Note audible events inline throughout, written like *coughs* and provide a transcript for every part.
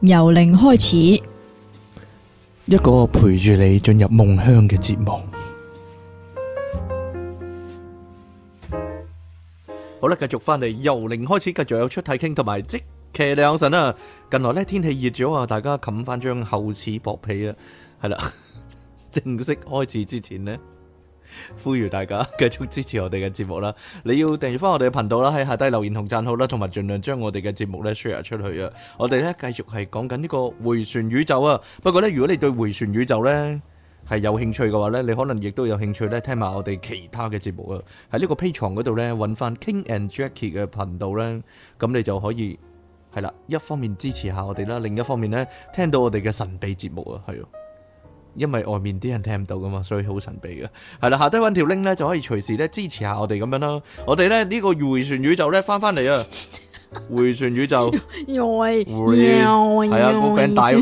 由零開始，一個陪住你進入夢鄉嘅節目。好啦，繼續翻嚟由零開始，繼續有出體傾同埋即騎兩神啦。近來呢天氣熱咗啊，大家冚翻張厚似薄被啊。係啦，正式開始之前呢。呼籲大家繼續支持我哋嘅節目啦！你要訂閱翻我哋嘅頻道啦，喺下低留言同讚好啦，同埋盡量將我哋嘅節目咧 share 出去啊！我哋咧繼續係講緊呢個回旋宇宙啊！不過咧，如果你對回旋宇宙咧係有興趣嘅話咧，你可能亦都有興趣咧聽埋我哋其他嘅節目啊！喺呢個 Patreon 嗰度咧，揾翻 King and Jackie 嘅頻道咧，咁你就可以係啦，一方面支持下我哋啦，另一方面咧聽到我哋嘅神秘節目啊，係。因為外面啲人聽唔到噶嘛，所以好神秘嘅。係啦，下低揾條 link 咧，就可以隨時咧支持下我哋咁樣咯。我哋咧呢個迴旋宇宙咧翻翻嚟啊！迴 *laughs* 旋宇宙，迴係啊！個餅帶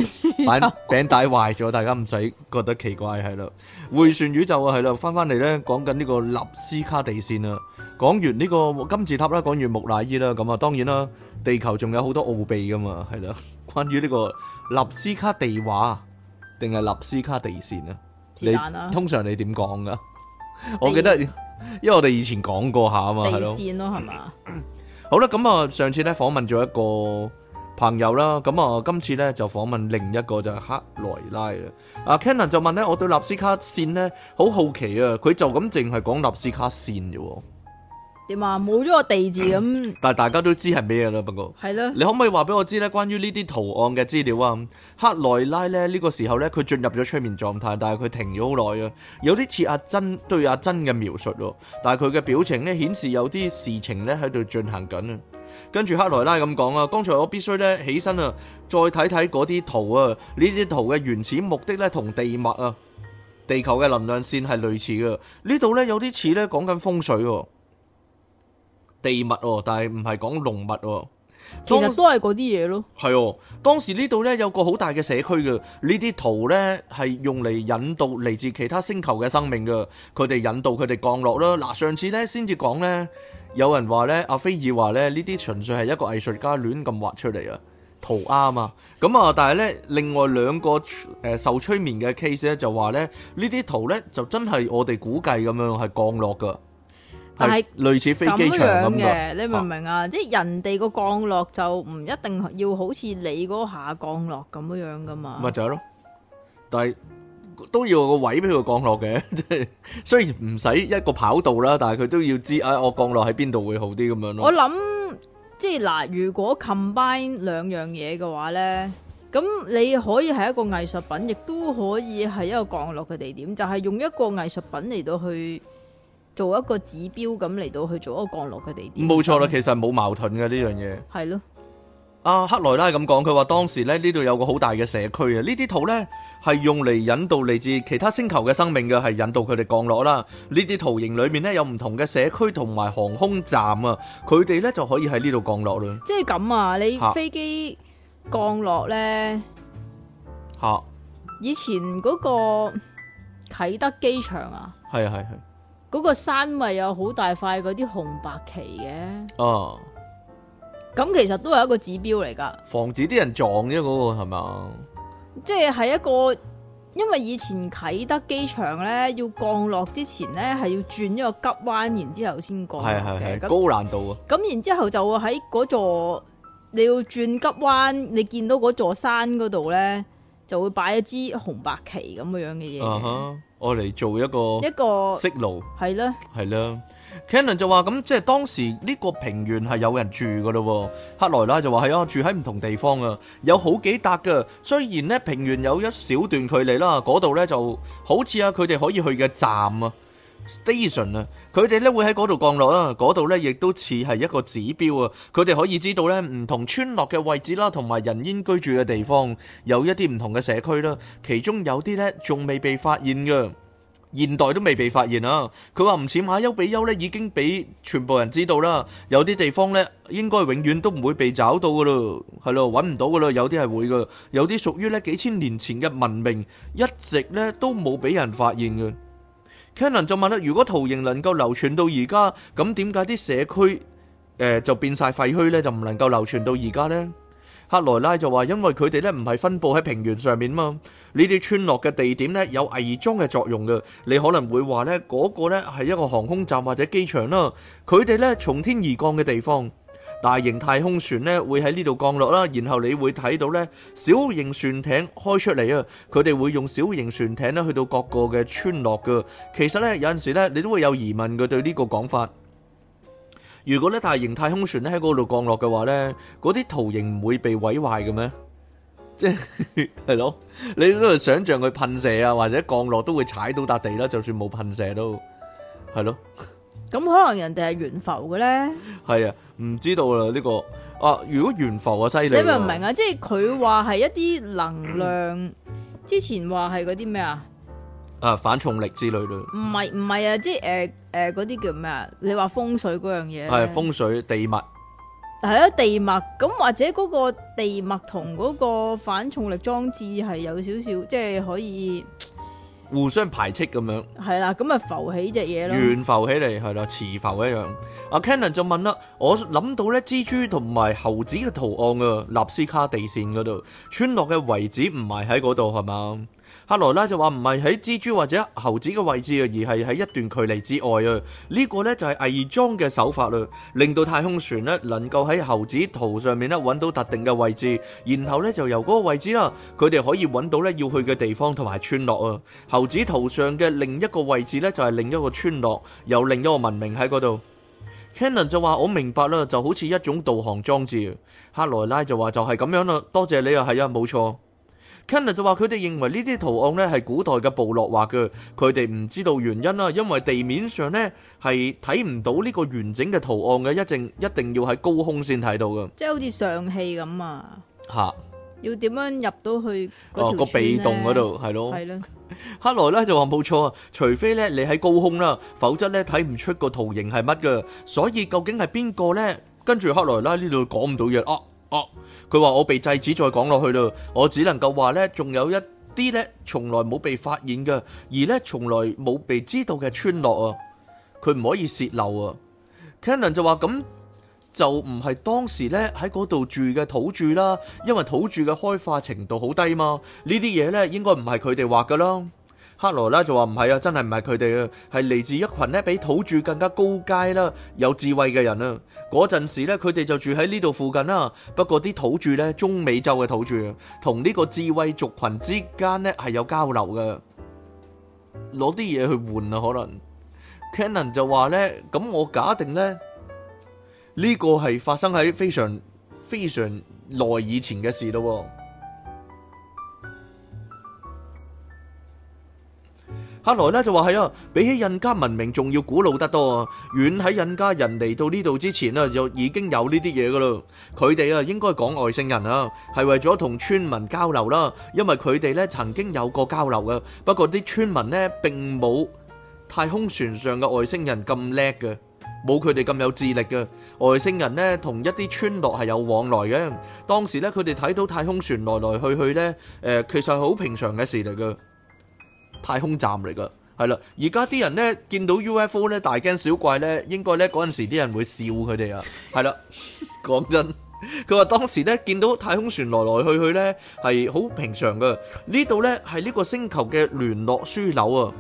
餅帶壞咗，大家唔使覺得奇怪係啦。迴旋宇宙啊，係 *laughs* 啦宇，翻翻嚟咧講緊呢講個納斯卡地線啊。講完呢個金字塔啦，講完木乃伊啦，咁啊當然啦，地球仲有好多奧秘噶嘛，係啦。關於呢個納斯卡地畫。定係納斯卡地線啊！你通常你點講噶？我記得，因為我哋以前講過下啊嘛，地線咯係嘛？好啦，咁啊上次咧訪問咗一個朋友啦，咁啊今次咧就訪問另一個就係、是、克萊拉啦。阿 Cannon 就問咧，我對納斯卡線咧好好奇啊，佢就咁淨係講納斯卡線嘅喎。點冇咗個地字咁。但係大家都知係咩啦，不過係啦。你可唔可以話俾我知呢？關於呢啲圖案嘅資料啊，克萊拉呢，呢、這個時候呢，佢進入咗催眠狀態，但係佢停咗好耐啊。有啲似阿珍對阿珍嘅描述咯，但係佢嘅表情呢，顯示有啲事情呢喺度進行緊啊。跟住克萊拉咁講啊，剛才我必須呢，起身啊，再睇睇嗰啲圖啊，呢啲圖嘅原始目的呢，同地脈啊，地球嘅能量線係類似噶。呢度呢，有啲似呢講緊風水喎。地物喎、哦，但係唔係講農物喎、哦，其實都係嗰啲嘢咯。係喎，當時、哦、當時呢度呢，有個好大嘅社區嘅，呢啲圖呢係用嚟引導嚟自其他星球嘅生命嘅，佢哋引導佢哋降落啦。嗱、啊，上次呢，先至講呢，有人話呢，阿菲爾話呢，呢啲純粹係一個藝術家亂咁畫出嚟啊，圖啱啊咁啊，但係呢，另外兩個誒、呃、受催眠嘅 case 咧就話呢，呢啲圖呢，就真係我哋估計咁樣係降落噶。但係類似飛機場咁嘅，你明唔明啊？即係人哋個降落就唔一定要好似你嗰個下降落咁樣樣噶嘛。咪就係咯，但係都要有個位俾佢降落嘅。即係雖然唔使一個跑道啦，但係佢都要知啊，我降落喺邊度會好啲咁樣咯。我諗即係嗱，如果 combine 兩樣嘢嘅話咧，咁你可以係一個藝術品，亦都可以係一個降落嘅地點，就係用一個藝術品嚟到去。做一個指標咁嚟到去做一個降落嘅地點，冇錯啦。其實冇矛盾嘅呢樣嘢係咯。阿、啊、克萊拉係咁講，佢話當時咧呢度有個好大嘅社區啊。呢啲圖呢係用嚟引導嚟自其他星球嘅生命嘅，係引導佢哋降落啦。呢啲圖形裏面呢，有唔同嘅社區同埋航空站啊，佢哋呢就可以喺呢度降落啦。即係咁啊，你飛機降落呢，吓？以前嗰個啟德機場啊，係係係。嗰、嗰個山咪有好大塊嗰啲紅白旗嘅，哦、啊，咁其實都係一個指標嚟噶，防止啲人撞啫。嗰、嗰個係咪即係喺一個，因為以前啟德機場咧要降落之前咧係要轉一個急彎，然之後先降落，係係係高難度啊！咁然之後就會喺嗰座你要轉急彎，你見到嗰座山嗰度咧就會擺一支紅白旗咁嘅樣嘅嘢。啊我嚟做一個，一個識路，係啦，係啦。Cannon 就話咁，即係當時呢個平原係有人住噶咯。克萊拉就話係啊，住喺唔同地方啊，有好幾笪噶。雖然咧平原有一小段距離啦，嗰度咧就好似啊，佢哋可以去嘅站啊。Station 啊，佢哋咧會喺嗰度降落啦，嗰度咧亦都似係一個指標啊。佢哋可以知道咧唔同村落嘅位置啦，同埋人煙居住嘅地方有一啲唔同嘅社區啦。其中有啲咧仲未被發現㗎，現代都未被發現啊。佢話唔似馬丘比丘咧已經俾全部人知道啦，有啲地方咧應該永遠都唔會被找到噶咯，係咯，搵唔到噶咯。有啲係會噶，有啲屬於咧幾千年前嘅文明，一直咧都冇俾人發現嘅。n Cannon 就問啦：如果圖形能夠流傳到而家，咁點解啲社區誒、呃、就變晒廢墟咧？就唔能夠流傳到而家咧？克萊拉就話：因為佢哋咧唔係分布喺平原上面嘛，你哋村落嘅地點咧有偽裝嘅作用嘅。你可能會話咧嗰個咧係一個航空站或者機場啦，佢哋咧從天而降嘅地方。大型太空船咧會喺呢度降落啦，然後你會睇到咧小型船艇開出嚟啊，佢哋會用小型船艇咧去到各個嘅村落噶。其實呢，有陣時咧你都會有疑問嘅對呢個講法。如果呢大型太空船咧喺嗰度降落嘅話呢，嗰啲圖形唔會被毀壞嘅咩？即係咯， *laughs* 你都係想象佢噴射啊，或者降落都會踩到笪地啦，就算冇噴射都係咯。咁可能人哋係懸浮嘅咧，係啊，唔知道啦呢、呢個啊，如果懸浮嘅犀利，你明唔明啊？即係佢話係一啲能量， *coughs* 之前話係嗰啲咩啊？啊，反重力之類咯。唔係唔係啊，即係誒誒嗰啲叫咩啊？你話風水嗰樣嘢係風水地脈，係咯、啊、地脈，咁或者嗰個地脈同嗰個反重力裝置係有少少，即係可以。互相排斥咁樣，係啦，咁咪浮起隻嘢咯，懸浮起嚟係啦，磁浮一樣。阿 Kenon 就問啦，我諗到咧蜘蛛同埋猴子嘅圖案啊，納斯卡地線嗰度村落嘅遺址唔係喺嗰度係咪？克萊拉就話唔係喺蜘蛛或者猴子嘅位置啊，而係喺一段距離之外啊。呢個呢就係偽裝嘅手法啦，令到太空船呢能夠喺猴子圖上面揾到特定嘅位置，然後呢就由嗰個位置啦，佢哋可以揾到呢要去嘅地方同埋村落啊。猴子圖上嘅另一個位置呢，就係另一個村落，有另一個文明喺嗰度。Cannon 就話我明白啦，就好似一種導航裝置。克萊拉就話就係咁樣啦，多謝你啊，係啊，冇錯。肯納就話：佢哋認為呢啲圖案咧係古代嘅部落畫嘅，佢哋唔知道原因啦，因為地面上咧係睇唔到呢個完整嘅圖案嘅，一定一定要喺高空先睇到嘅。即係好似上戲咁啊！嚇！要點樣入到去？哦，個避洞嗰度係咯，係咯。克萊咧就話冇錯啊，除非咧你喺高空啦，否則咧睇唔出個圖形係乜㗎。所以究竟係邊個咧？跟住克萊咧呢度講唔到嘢啊！啊，佢話我被制止再講落去咯，我只能夠話呢，仲有一啲呢，從來冇被發現嘅，而呢，從來冇被知道嘅村落啊，佢唔可以泄漏啊。Cannon 就話：咁就唔係當時呢喺嗰度住嘅土著啦，因為土著嘅開化程度好低嘛，呢啲嘢呢應該唔係佢哋畫噶啦。克羅拉就話：唔係啊，真係唔係佢哋啊，係嚟自一群呢比土著更加高階啦，啊，有智慧嘅人啊。嗰陣時咧，佢哋就住喺呢度附近啦。不過啲土著咧，中美洲嘅土著，同呢個智慧族群之間咧係有交流嘅，攞啲嘢去換啊，可能。Cannon 就話咧，咁我假定咧，呢個係發生喺非常非常耐以前嘅事咯。後來咧就話係啊，比起印加文明仲要古老得多啊，遠喺印加人嚟到呢度之前啦，就已經有呢啲嘢噶啦。佢哋啊應該講外星人啊，係為咗同村民交流啦，因為佢哋咧曾經有過交流嘅。不過啲村民咧並冇太空船上嘅外星人咁叻嘅，冇佢哋咁有智力嘅。外星人咧同一啲村落係有往來嘅。當時咧佢哋睇到太空船來來去去咧，誒、呃、其實係好平常嘅事嚟噶。太空站嚟噶，係啦，而家啲人呢，見到 UFO 呢，大驚小怪呢，應該呢嗰陣時啲人會笑佢哋啊，係啦，講真，佢話當時呢，見到太空船來來去去呢，係好平常噶，呢度呢，係呢個星球嘅聯絡樞紐啊。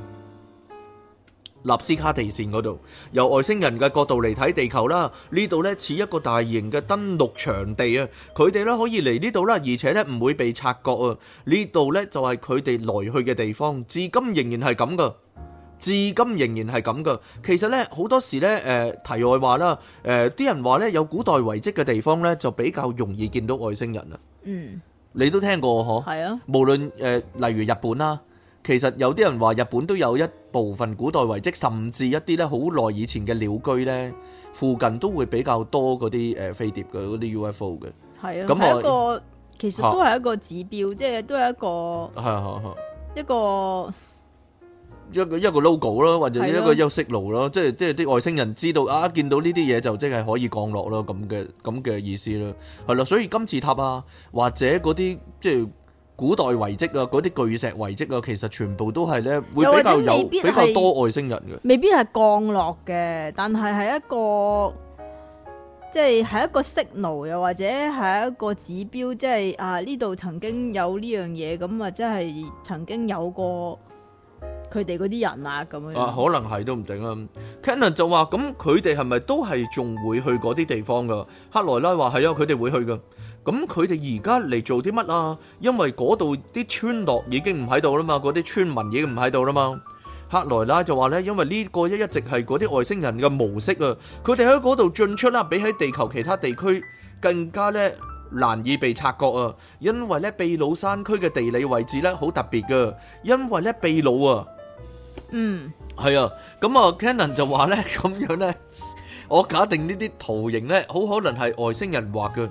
納斯卡地線嗰度，由外星人嘅角度嚟睇地球啦，呢度呢似一個大型嘅登陸場地啊！佢哋呢可以嚟呢度啦，而且呢唔會被察覺啊！呢度呢就係佢哋來去嘅地方，至今仍然係咁噶，至今仍然係咁噶。其實呢好多時呢，誒題外話啦，誒啲人話呢有古代遺跡嘅地方呢就比較容易見到外星人啊。嗯，你都聽過嗬？係啊，無論誒，例如日本啦。其實有啲人話日本都有一部分古代遺跡，甚至一啲咧好耐以前嘅鳥居咧，附近都會比較多嗰啲誒飛碟嘅嗰啲 UFO 嘅。係啊，咁一個其實都係一個指標，啊、即係都係一個係、啊啊、一個一個一個 logo 咯，或者一個休息爐咯，啊、signal，即係即係啲外星人知道啊，見到呢啲嘢就即係可以降落咯，咁嘅咁嘅意思咯，係啦、啊。所以金字塔啊，或者嗰啲即係。古代遺跡啊，嗰啲巨石遺跡啊，其實全部都係咧，會比較有比較多外星人嘅。未必係降落嘅，但係係一個即係係一個訊號，又或者係一個指標，即係啊呢度曾經有呢樣嘢，咁啊即係曾經有過。佢哋嗰啲人啊，咁樣啊，可能係都唔定啊。Cannon 就話：咁佢哋係咪都係仲會去嗰啲地方噶？克萊拉話：係啊，佢哋會去噶。咁佢哋而家嚟做啲乜啊？因為嗰度啲村落已經唔喺度啦嘛，嗰啲村民已經唔喺度啦嘛。克萊拉就話咧：因為呢個一一直係嗰啲外星人嘅模式啊，佢哋喺嗰度進出啦，比喺地球其他地區更加咧難以被察覺啊。因為咧秘魯山區嘅地理位置咧好特別噶，因為咧秘魯啊。嗯，係啊，咁啊，Canon 就話咧，咁樣咧，我假定呢啲圖形咧，好可能係外星人畫嘅。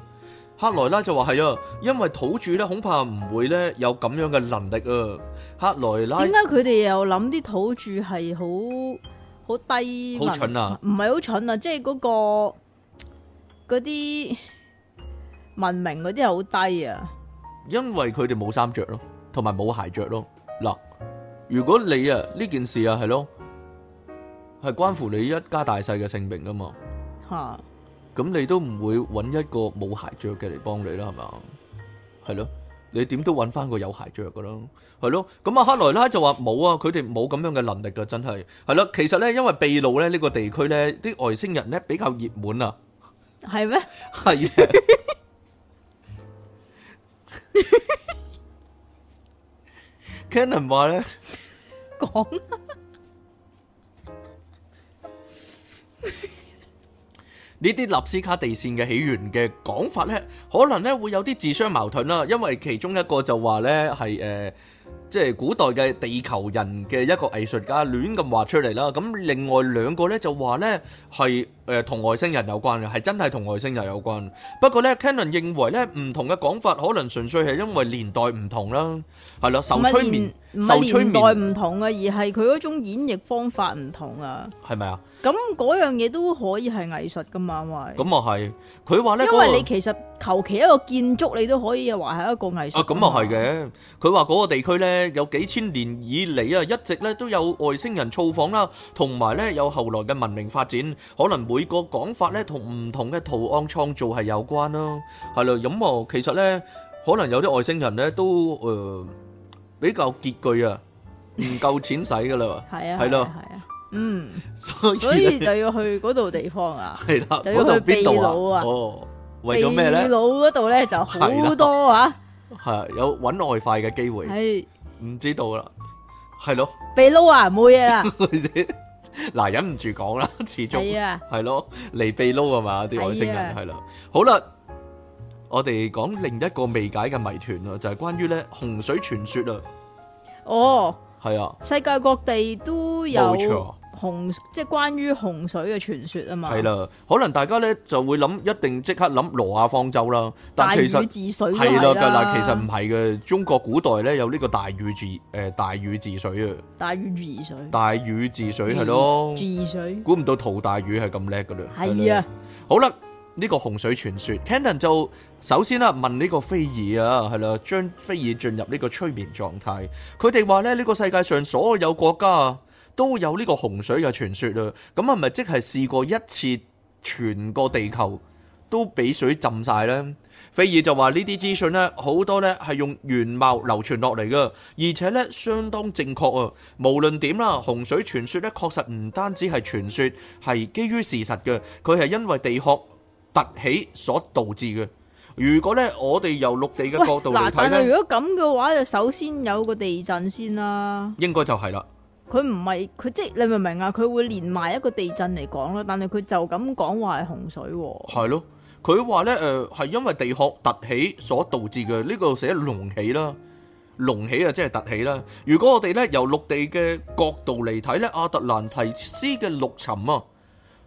克萊拉就話，係啊，因為土著咧恐怕唔會咧有咁樣嘅能力啊。克萊拉，點解佢哋又諗啲土著係好好低？好蠢啊！唔係好蠢啊，即係嗰、嗰個啲文明嗰啲係好低啊。因為佢哋冇衫着咯，同埋冇鞋着咯，嗱。如果你啊呢件事啊係咯，係關乎你一家大細嘅性命噶嘛，吓，咁你都唔會揾一個冇鞋着嘅嚟幫你啦，係嘛？係咯，你點都揾翻個有鞋着噶啦，係咯，咁阿克萊拉就話冇啊，佢哋冇咁樣嘅能力噶，真係係咯，其實咧因為秘魯咧呢個地區咧啲外星人咧比較熱門啊，係咩？係，聽人話咧。講啦，呢啲納斯卡地線嘅起源嘅講法咧，可能咧會有啲自相矛盾啦。因為其中一個就話咧係誒，即係古代嘅地球人嘅一個藝術家亂咁畫出嚟啦。咁另外兩個咧就話咧係誒同外星人有關嘅，係真係同外星人有關。不過咧，Canon 認為咧唔同嘅講法可能純粹係因為年代唔同啦。係啦，受催眠。唔係年代唔同啊，而係佢嗰種演繹方法唔同啊，係咪啊？咁嗰樣嘢都可以係藝術噶嘛？因為，咁啊係，佢話咧，因為你其實求其一個建築，你都可以話係一個藝術。啊，咁啊係嘅。佢話嗰個地區咧，有幾千年以嚟啊，一直咧都有外星人造訪啦，同埋咧有後來嘅文明發展，可能每個講法咧同唔同嘅圖案創造係有關啦。係咯，咁啊，其實咧可能有啲外星人咧都誒。比較拮據啊，唔夠錢使噶啦，係啊，係咯，係啊，嗯，所以就要去嗰度地方啊，係啦，嗰度秘魯啊，哦，為咗咩咧？秘魯嗰度咧就好多啊，係啊，有揾外快嘅機會，係，唔知道啦，係咯，秘魯啊，冇嘢啦，嗱，忍唔住講啦，始終係咯嚟秘魯啊嘛，啲外星人係啦，好啦。我哋講另一個未解嘅謎團啦，就係、是、關於咧洪水傳說啦。哦，係啊，世界各地都有洪，即係關於洪水嘅傳說啊嘛。係啦，可能大家咧就會諗，一定即刻諗挪亞方舟啦。大禹治水係啦，嗱、啊，其實唔係嘅，中國古代咧有呢個大禹治誒大禹治水啊。大禹治水，大禹治水係咯、啊，治水。估唔到塗大禹係咁叻噶啦。係啊，啊，啊，好啦。呢、這個洪水傳說，Tandon 就首先啦問呢個菲爾啊，係啦，將菲爾進入呢個催眠狀態。佢哋話咧，呢個世界上所有國家都有呢個洪水嘅傳說啊。咁係咪即係試過一次，全個地球都俾水浸晒呢？菲爾就話呢啲資訊呢，好多呢係用原貌流傳落嚟嘅，而且呢相當正確啊。無論點啦，洪水傳說呢確實唔單止係傳說，係基於事實嘅。佢係因為地殼。突起所導致嘅，如果咧我哋由陸地嘅角度嚟睇咧，但如果咁嘅話就首先有個地震先啦，應該就係啦。佢唔係佢即係你明唔明啊？佢會連埋一個地震嚟講咯，但係佢就咁講話係洪水、啊。係咯，佢話咧誒係因為地殼突起所導致嘅，呢個寫隆起啦，隆起啊即係突起啦。如果我哋咧由陸地嘅角度嚟睇咧，阿特蘭提斯嘅陸沉啊。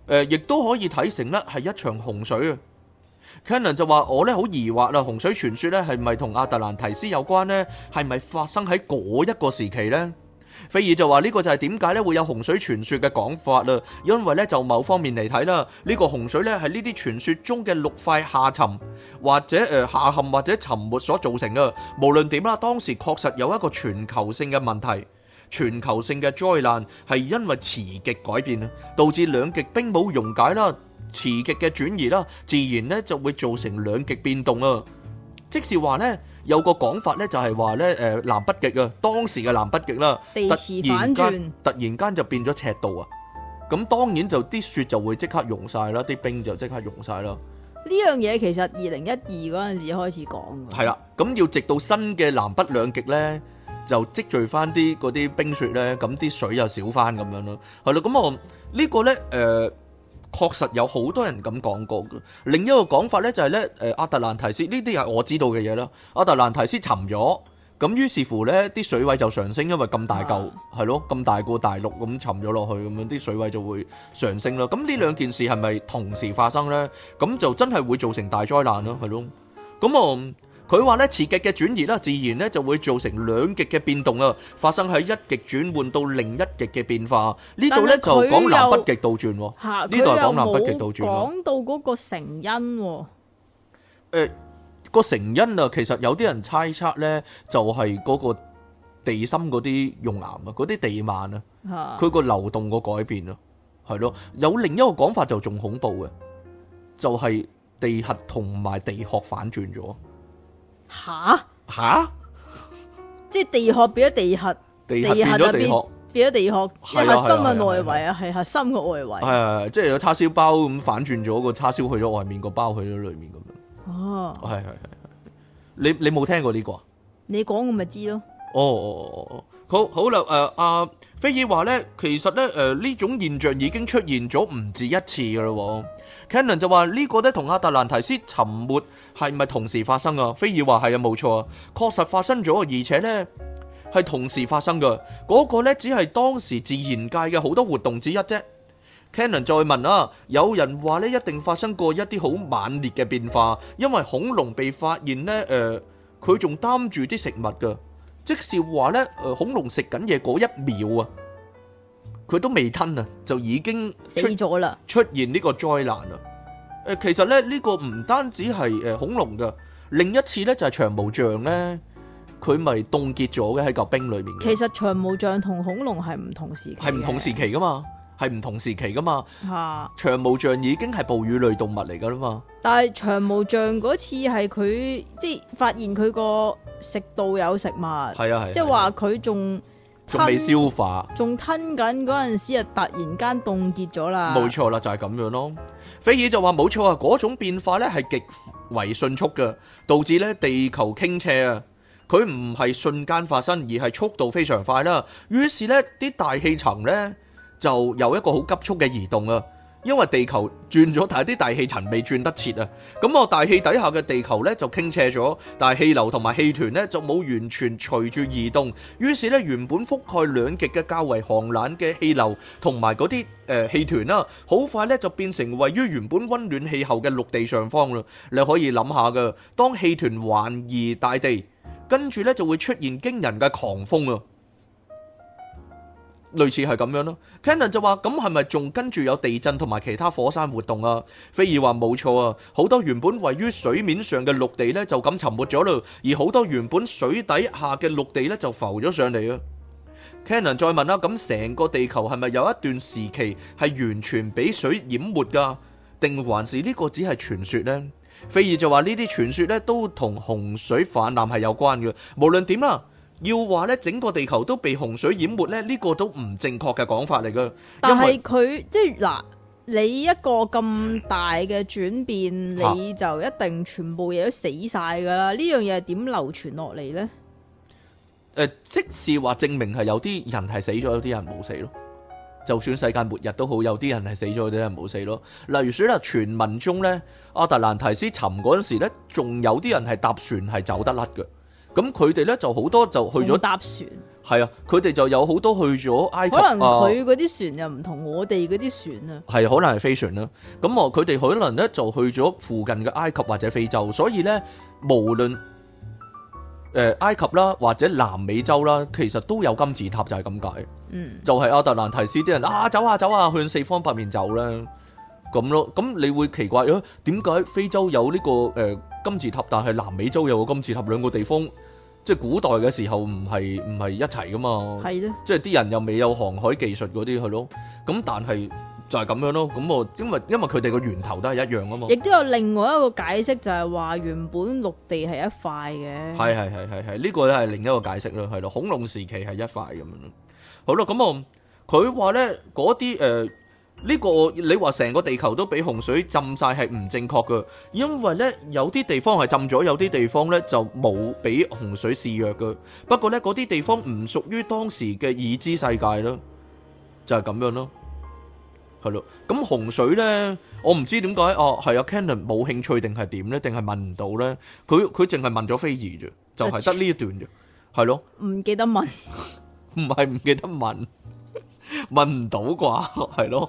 呃、亦都可以睇成呢係一場洪水啊，Canon 就話：我呢好疑惑啦，洪水傳説呢係咪同阿特蘭提斯有關呢？係咪發生喺嗰一個時期呢？菲爾就話：呢個就係點解呢會有洪水傳説嘅講法啦？因為呢，就某方面嚟睇啦，呢、呢個洪水呢係呢啲傳説中嘅陸塊下沉或者、呃、下陷或者沉沒所造成啊！無論點啦，當時確實有一個全球性嘅問題。全球性嘅災難係因為磁極改變啦，導致兩極冰帽溶解啦，磁極嘅轉移啦，自然咧就會造成兩極變動啊！即是話咧，有個講法咧就係話咧，誒南北極啊，當時嘅南北極啦，地磁反轉，突然間突然間就變咗赤道啊！咁當然就啲雪就會即刻融曬啦，啲冰就即刻融曬啦。呢樣嘢其實二零一二嗰陣時開始講㗎。係啦，咁要直到新嘅南北兩極咧。就積聚翻啲嗰啲冰雪咧，咁啲水又少翻咁樣咯，係咯。咁我呢個咧，誒確實有好多人咁講過。另一個講法咧就係咧，誒亞特蘭提斯呢啲係我知道嘅嘢啦。亞特蘭提斯沉咗，咁於是乎咧啲水位就上升，因為咁大嚿係咯，咁大個大陸咁沉咗落去，咁樣啲水位就會上升啦。咁呢兩件事係咪同時發生咧？咁就真係會造成大災難咯，係咯。咁我。佢話咧，磁極嘅轉移咧，自然咧就會造成兩極嘅變動啦。發生喺一極轉換到另一極嘅變化呢度咧就講南北極倒轉。吓、啊，呢度係講南北極倒轉咯。講到嗰個成因，誒，個成因啊，呃那個、因其實有啲人猜測咧，就係、是、嗰個地心嗰啲熔岩啊，嗰啲地幔啊，佢個流動個改變咯，係咯。有另一個講法就仲恐怖嘅，就係、是、地核同埋地殼反轉咗。吓吓！即係、就是、地殼變咗地核，地核變咗地殼，變咗地殼，核心嘅外圍啊，係核、啊啊啊啊、心嘅外圍。係係即係有叉燒包咁反轉咗個叉燒去咗外面，個包去咗裏面咁樣。哦、uh -oh!，係係係，你你冇聽過呢個啊？你講我咪、well、知咯。哦哦哦，好好啦，誒阿菲爾話咧，其實咧誒呢、呃、種現象已經出現咗唔止一次㗎啦。Canon 就話呢、這個都同阿特蘭提斯沉沒係咪同時發生啊？菲爾話係啊，冇錯啊，確實發生咗，而且呢，係同時發生㗎。嗰、那個呢，只係當時自然界嘅好多活動之一啫。Canon 再問啊，有人話呢一定發生過一啲好猛烈嘅變化，因為恐龍被發現呢，佢仲擔住啲食物㗎。即是話呢、呃，恐龍食緊嘢嗰一秒啊。佢都未吞啊，就已經死咗啦！出現呢個災難啊！誒、呃，其實咧，呢、這個唔單止係誒、呃、恐龍噶，另一次咧就係、是、長毛象咧，佢咪凍結咗嘅喺個冰裏面。其實長毛象同恐龍係唔同時期，係唔同時期噶嘛，係唔同時期噶嘛。嚇、啊！長毛象已經係哺乳類動物嚟噶啦嘛。但係長毛象嗰次係佢即係發現佢個食道有食物，係啊係、啊啊，即係話佢仲。仲未消化，仲吞緊嗰陣時啊，突然間凍結咗啦。冇錯啦，就係、是、咁樣咯。菲爾就話冇錯啊，嗰種變化呢係極為迅速嘅，導致呢地球傾斜啊。佢唔係瞬間發生，而係速度非常快啦。於是呢啲大氣層呢，就有一個好急速嘅移動啊。因為地球轉咗，但啲大氣層未轉得切啊，咁我大氣底下嘅地球呢就傾斜咗，但係氣流同埋氣團呢就冇完全隨住移動，於是呢，原本覆蓋兩極嘅較為寒冷嘅氣流同埋嗰啲誒氣團啦，好快呢就變成位於原本溫暖氣候嘅陸地上方啦。你可以諗下噶，當氣團橫移大地，跟住呢就會出現驚人嘅狂風啊！類似係咁樣咯，Cannon 就話：咁係咪仲跟住有地震同埋其他火山活動啊？菲爾話：冇錯啊，好多原本位於水面上嘅陸地呢就咁沉沒咗嘞，而好多原本水底下嘅陸地呢就浮咗上嚟啊。Cannon 再問啦：咁成個地球係咪有一段時期係完全俾水淹沒㗎？定還是呢個只係傳說呢？菲爾就話：呢啲傳說呢都同洪水泛濫係有關嘅，無論點啦。要話咧，整個地球都被洪水淹沒咧，呢、這個都唔正確嘅講法嚟噶。但係佢即係嗱，你一個咁大嘅轉變，你就一定全部嘢都死晒噶啦？呢、啊、樣嘢係點流傳落嚟呢？誒、呃，即使話證明係有啲人係死咗，有啲人冇死咯。就算世界末日都好，有啲人係死咗，有啲人冇死咯。例如，選喇，傳聞中呢，阿特蘭提斯沉嗰陣時呢，仲有啲人係搭船係走得甩嘅。咁佢哋咧就好多就去咗搭船，係啊！佢哋就有好多去咗埃及啊。可能佢嗰啲船又唔同我哋嗰啲船啊。係，可能係飛船啦。咁我佢哋可能咧就去咗附近嘅埃及或者非洲。所以咧，無論誒埃及啦或者南美洲啦，其實都有金字塔，就係咁解。嗯，就係阿特蘭提斯啲人啊，走啊走啊，向四方八面走啦，咁咯。咁你會奇怪，點解非洲有呢個誒金字塔，但係南美洲有個金字塔，兩個地方？即係古代嘅時候唔係唔係一齊噶嘛，係咯，即係啲人又未有航海技術嗰啲去咯，咁但係就係咁樣咯，咁我因為因為佢哋個源頭都係一樣啊嘛，亦都有另外一個解釋就係話原本陸地係一塊嘅，係係係係係呢個咧係另一個解釋啦，係咯，恐龍時期係一塊咁樣咯，好啦，咁我佢話咧嗰啲誒。呢個你話成個地球都俾洪水浸曬係唔正確嘅，因為咧有啲地方係浸咗，有啲地方咧就冇俾洪水肆虐嘅。不過咧嗰啲地方唔屬於當時嘅已知世界啦，就係咁樣咯，係咯。咁洪水咧，我唔知點解啊，係啊，Cannon 冇興趣定係點咧？定係問唔到咧？佢佢淨係問咗飛兒啫，就係得呢一段啫，係咯。唔記得問，唔係唔記得問，問唔到啩？係咯。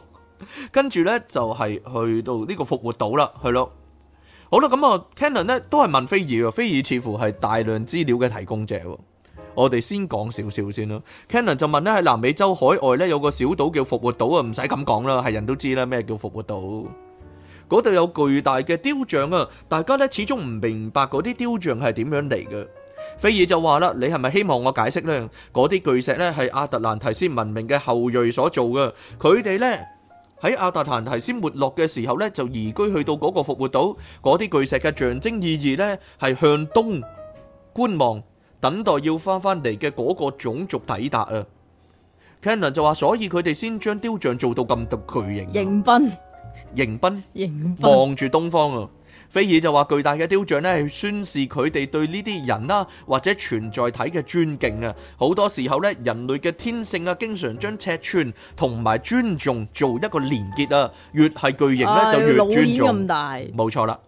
跟住呢，就係、是、去到呢個復活島啦，去咯，好啦，咁、嗯、啊，Cannon 呢都係問菲爾，菲爾似乎係大量資料嘅提供者，我哋先講少少先啦。Cannon 就問呢，喺南美洲海外呢，有個小島叫復活島啊，唔使咁講啦，係人都知啦咩叫復活島，嗰度有巨大嘅雕像啊，大家呢始終唔明白嗰啲雕像係點樣嚟嘅。菲爾就話啦，你係咪希望我解釋呢？嗰啲巨石呢，係亞特蘭提斯文明嘅後裔所做嘅。佢哋呢……喺亞特蘭提先沒落嘅時候咧，就移居去到嗰個復活島，嗰啲巨石嘅象徵意義咧係向東觀望，等待要返返嚟嘅嗰個種族抵達啊。Cannon 就話，所以佢哋先將雕像做到咁大巨型，迎賓，迎賓，迎賓，望住東方啊。菲爾就話巨大嘅雕像咧，係宣示佢哋對呢啲人啦或者存在體嘅尊敬啊。好多時候咧，人類嘅天性啊，經常將尺寸同埋尊重做一個連結啊。越係巨型咧，就越尊重。咁大。冇錯啦，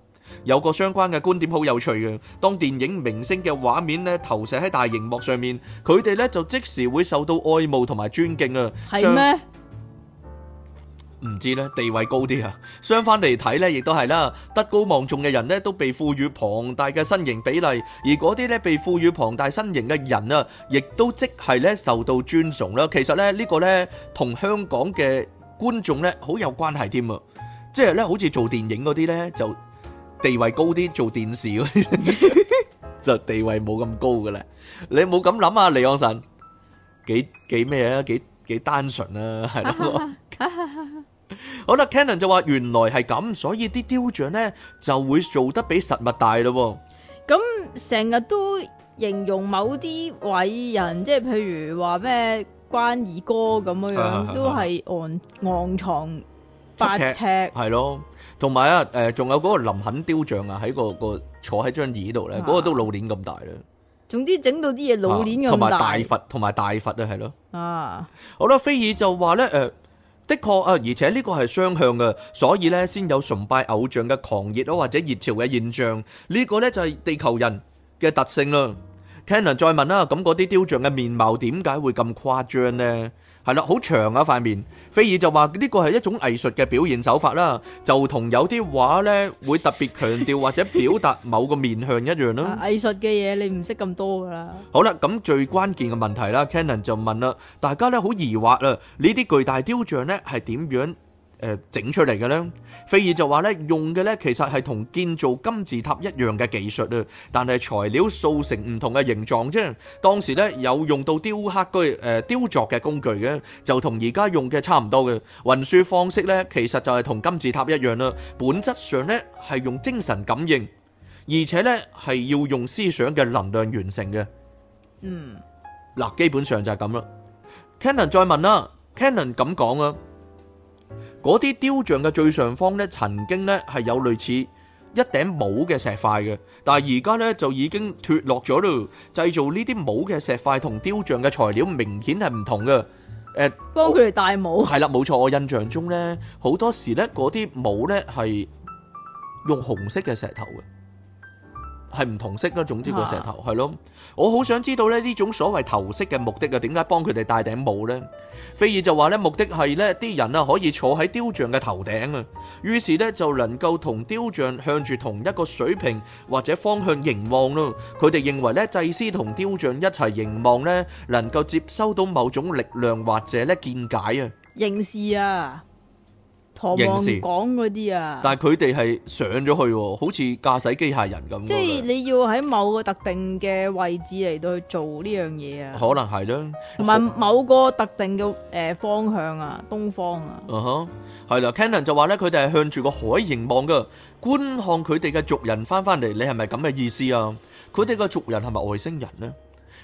有個相關嘅觀點好有趣嘅。當電影明星嘅畫面咧投射喺大熒幕上面，佢哋呢就即時會受到愛慕同埋尊敬啊。係咩？唔知咧，地位高啲啊！相反嚟睇咧，亦都係啦。德高望重嘅人咧，都被賦予龐大嘅身形比例；而嗰啲咧被賦予龐大身形嘅人啊，亦都即係咧受到尊崇啦。其實咧，呢個咧同香港嘅觀眾咧好有關係添啊！即係咧，好似做電影嗰啲咧就地位高啲，做電視嗰啲就地位冇咁高噶啦。你冇咁諗啊，李昂臣幾幾咩啊？幾？幾單純啊，係咯， *laughs* 好啦，Canon 就話原來係咁，所以啲雕像咧就會做得比實物大咯喎。咁成日都形容某啲偉人，即係譬如話咩關二哥咁樣 *laughs* 都係昂昂藏八尺，係咯。同埋啊，誒仲有嗰個林肯雕像個個啊，喺個坐喺張椅度咧，嗰個都老臉咁大啦。總之整到啲嘢，老練嘅咁大，同埋大佛，同埋大佛啊，係咯，啊，好啦，菲爾就話咧，誒，的確啊，而且呢個係雙向嘅，所以咧先有崇拜偶像嘅狂熱咯，或者熱潮嘅現象，呢個咧就係地球人嘅特性啦。Cannon 再問啦，咁嗰啲雕像嘅面貌點解會咁誇張咧？係啦，好長啊塊面。菲爾就話呢個係一種藝術嘅表現手法啦，就同有啲畫呢會特別強調或者表達某個面向一樣啦，啊。藝術嘅嘢你唔識咁多㗎啦。好啦，咁最關鍵嘅問題啦，Cannon 就問啦，大家咧好疑惑啊，呢啲巨大雕像呢係點樣？誒、呃、整出嚟嘅呢，菲爾就話呢，用嘅呢，其實係同建造金字塔一樣嘅技術啊，但係材料塑成唔同嘅形狀啫。當時呢有用到雕刻居、呃、雕作嘅工具嘅，就同而家用嘅差唔多嘅。運輸方式呢，其實就係同金字塔一樣啦，本質上呢係用精神感應，而且呢係要用思想嘅能量完成嘅。嗯，嗱，基本上就係咁啦。Cannon 再問啦，Cannon 咁講啊。嗰啲雕像嘅最上方咧，曾經咧係有類似一頂帽嘅石塊嘅，但係而家咧就已經脫落咗咯。製造呢啲帽嘅石塊同雕像嘅材料明顯係唔同嘅。誒，幫佢哋戴帽。係啦，冇錯。我印象中咧，好多時咧嗰啲帽咧係用紅色嘅石頭嘅。係唔同色咯，總之個石頭係咯、啊。我好想知道咧呢種所謂頭飾嘅目的啊，點解幫佢哋戴頂帽呢？菲爾就話咧，目的係呢啲人啊可以坐喺雕像嘅頭頂啊，於是呢，就能夠同雕像向住同一個水平或者方向凝望咯。佢哋認為呢，祭司同雕像一齊凝望呢，能夠接收到某種力量或者呢見解認啊。凝視啊！凝視講嗰啲啊，但係佢哋係上咗去，好似駕駛機械人咁。即係你要喺某個特定嘅位置嚟到去做呢樣嘢啊？可能係啦，同埋某個特定嘅誒方向啊，東方啊。嗯哼，係啦。Cannon 就話咧，佢哋係向住個海凝望嘅，觀看佢哋嘅族人翻翻嚟。你係咪咁嘅意思啊？佢哋嘅族人係咪外星人呢？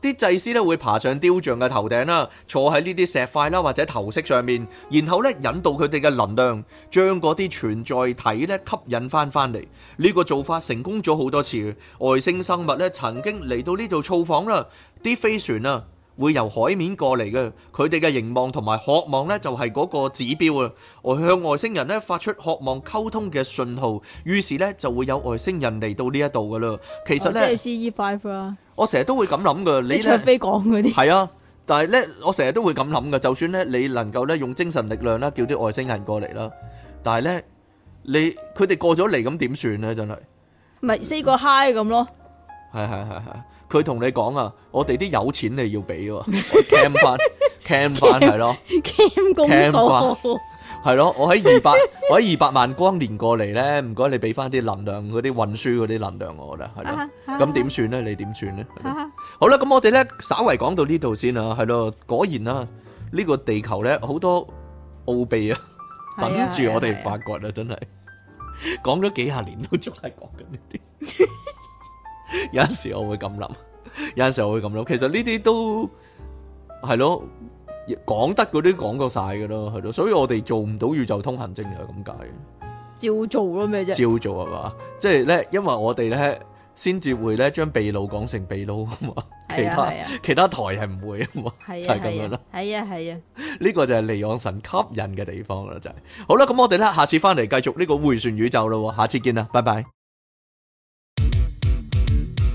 啲祭司咧會爬上雕像嘅頭頂啦，坐喺呢啲石塊啦或者頭飾上面，然後咧引導佢哋嘅能量，將嗰啲存在體咧吸引翻翻嚟。呢、這個做法成功咗好多次。外星生物咧，曾經嚟到呢度造訪啦，啲飛船啦。會由海面過嚟嘅，佢哋嘅凝望同埋渴望咧，就係嗰個指標啊！我向外星人咧發出渴望溝通嘅信號，於是咧就會有外星人嚟到呢一度噶啦。其實咧，我即係 C E five 啦。我成日都會咁諗噶，你卓飛講嗰啲係啊！但係咧，我成日都會咁諗噶，就算咧你能夠咧用精神力量啦，叫啲外星人過嚟啦，但係咧你佢哋過咗嚟咁點算咧？真係咪 say 個 hi 咁咯？係係係係。佢同你講啊，我哋啲有錢你要俾喎，慳翻慳翻係咯，慳翻係咯，我喺二百，我喺二百萬光年過嚟咧，唔該你俾翻啲能量，嗰啲運輸嗰啲能量我啦，係咯，咁點算咧？你點算咧？好啦，咁我哋咧稍為講到呢度先啊，係咯，果然啊，呢個地球咧好多奧秘啊，等住我哋發掘啊，真係講咗幾廿年都仲係講緊呢啲。 *laughs* 有陣時我會咁諗，有陣時我會咁諗。其實呢啲都係咯，講得嗰啲講過晒噶咯，係咯。所以我哋做唔到宇宙通行證就係咁解。照做咯咩啫？照做係嘛？即係咧，因為我哋咧先至會咧將秘魯講成秘魯啊嘛，其他是、啊是啊、其他台係唔會啊嘛，就係咁樣咯。係啊係啊，呢 *laughs* 個就係尼昂神吸引嘅地方啦，就係、是。好啦，咁我哋咧下次翻嚟繼續呢個回旋宇宙啦，下次見啦，拜拜。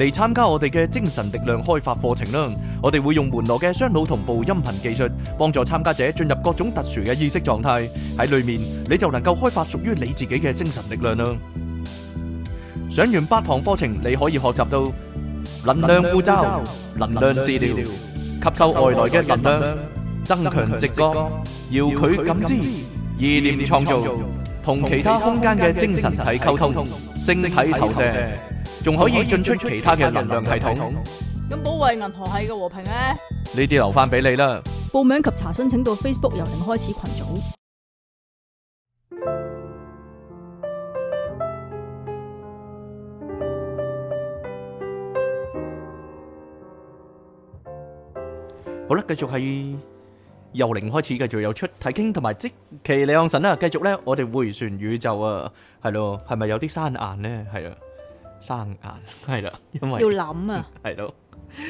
嚟參加我哋嘅精神力量開發課程啦！我哋會用門羅嘅雙腦同步音頻技術，幫助參加者進入各種特殊嘅意識狀態。喺裏面你就能夠開發屬於你自己嘅精神力量啦！上完八堂課程，你可以學習到能量護罩、能量治療、吸收外來嘅能量、增強直覺、遙距感知、意念創造、同其他空間嘅精神體溝通、星體投射。仲可以進出其他嘅能量系統。咁保衛銀河系嘅和平咧？呢啲留翻俾你啦。報名及查詢請到 Facebook 由零開始群組。好啦，繼續喺由零開始，繼續有出睇傾同埋即其李安臣啦。繼續咧，我哋迴旋宇宙啊，係咯，係咪有啲生硬咧？係啊。生眼係啦，因為要諗啊，係 *laughs* 咯，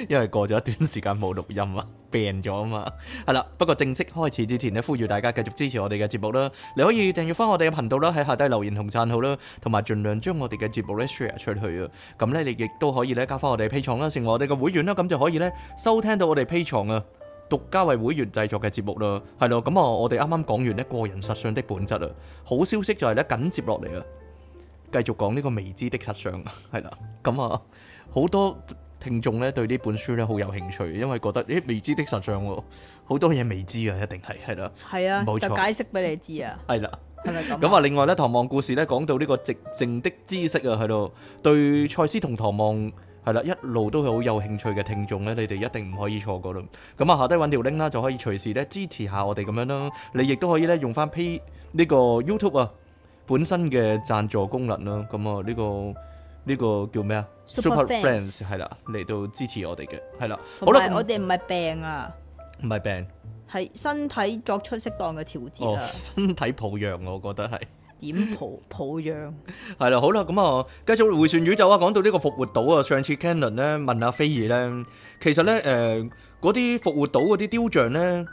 因為過咗一段時間冇錄音啊，病咗啊嘛，係啦。不過正式開始之前呢呼籲大家繼續支持我哋嘅節目啦。你可以訂閱翻我哋嘅頻道啦，喺下低留言同讚好啦，同埋盡量將我哋嘅節目 share 出去啊。咁咧，你亦都可以咧加翻我哋 P 創啦，成為我哋嘅會員啦，咁就可以咧收聽到我哋 P 創啊獨家為會員製作嘅節目啦。係咯，咁啊，我哋啱啱講完呢個人實相的本質啊，好消息就係咧緊接落嚟啊！繼續講呢個未知的實相啊，係啦，咁啊好多聽眾呢對呢本書呢好有興趣，因為覺得誒未知的實相，好多嘢未知啊，一定係係啦，係啊，冇錯，就解釋俾你知啊，係啦，係咪咁？咁啊，另外呢，唐望故事呢講到呢個寂靜的知識啊，係咯，對賽斯同唐望係啦，一路都係好有，有興趣嘅聽眾呢，你哋一定唔可以錯過咯。咁啊，下低揾條 link 啦，就可以隨時咧支持下我哋咁樣啦。你亦都可以咧用翻 pay 呢個 YouTube 啊。本身嘅贊助功能咯，咁啊呢個呢、呢個叫咩啊？Super Friends 係啦，嚟到支持我哋嘅係啦。好啦，我哋唔係病啊，唔係病，係身體作出適當嘅調節啊、哦。身體抱恙我覺得係點抱抱恙係啦。好啦，咁啊，繼續回旋宇宙啊。講到呢個復活島啊，上次 Canon 咧問阿菲兒咧，其實咧誒嗰啲復活島嗰啲雕像咧，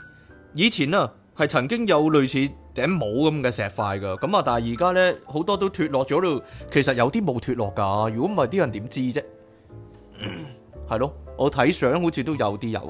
以前啊。係曾經有類似頂帽咁嘅石塊㗎，咁啊，但係而家咧好多都脫落咗咯。其實有啲冇脫落㗎，如果唔係啲人點知啫？係、嗯、咯，我睇相好似都有啲有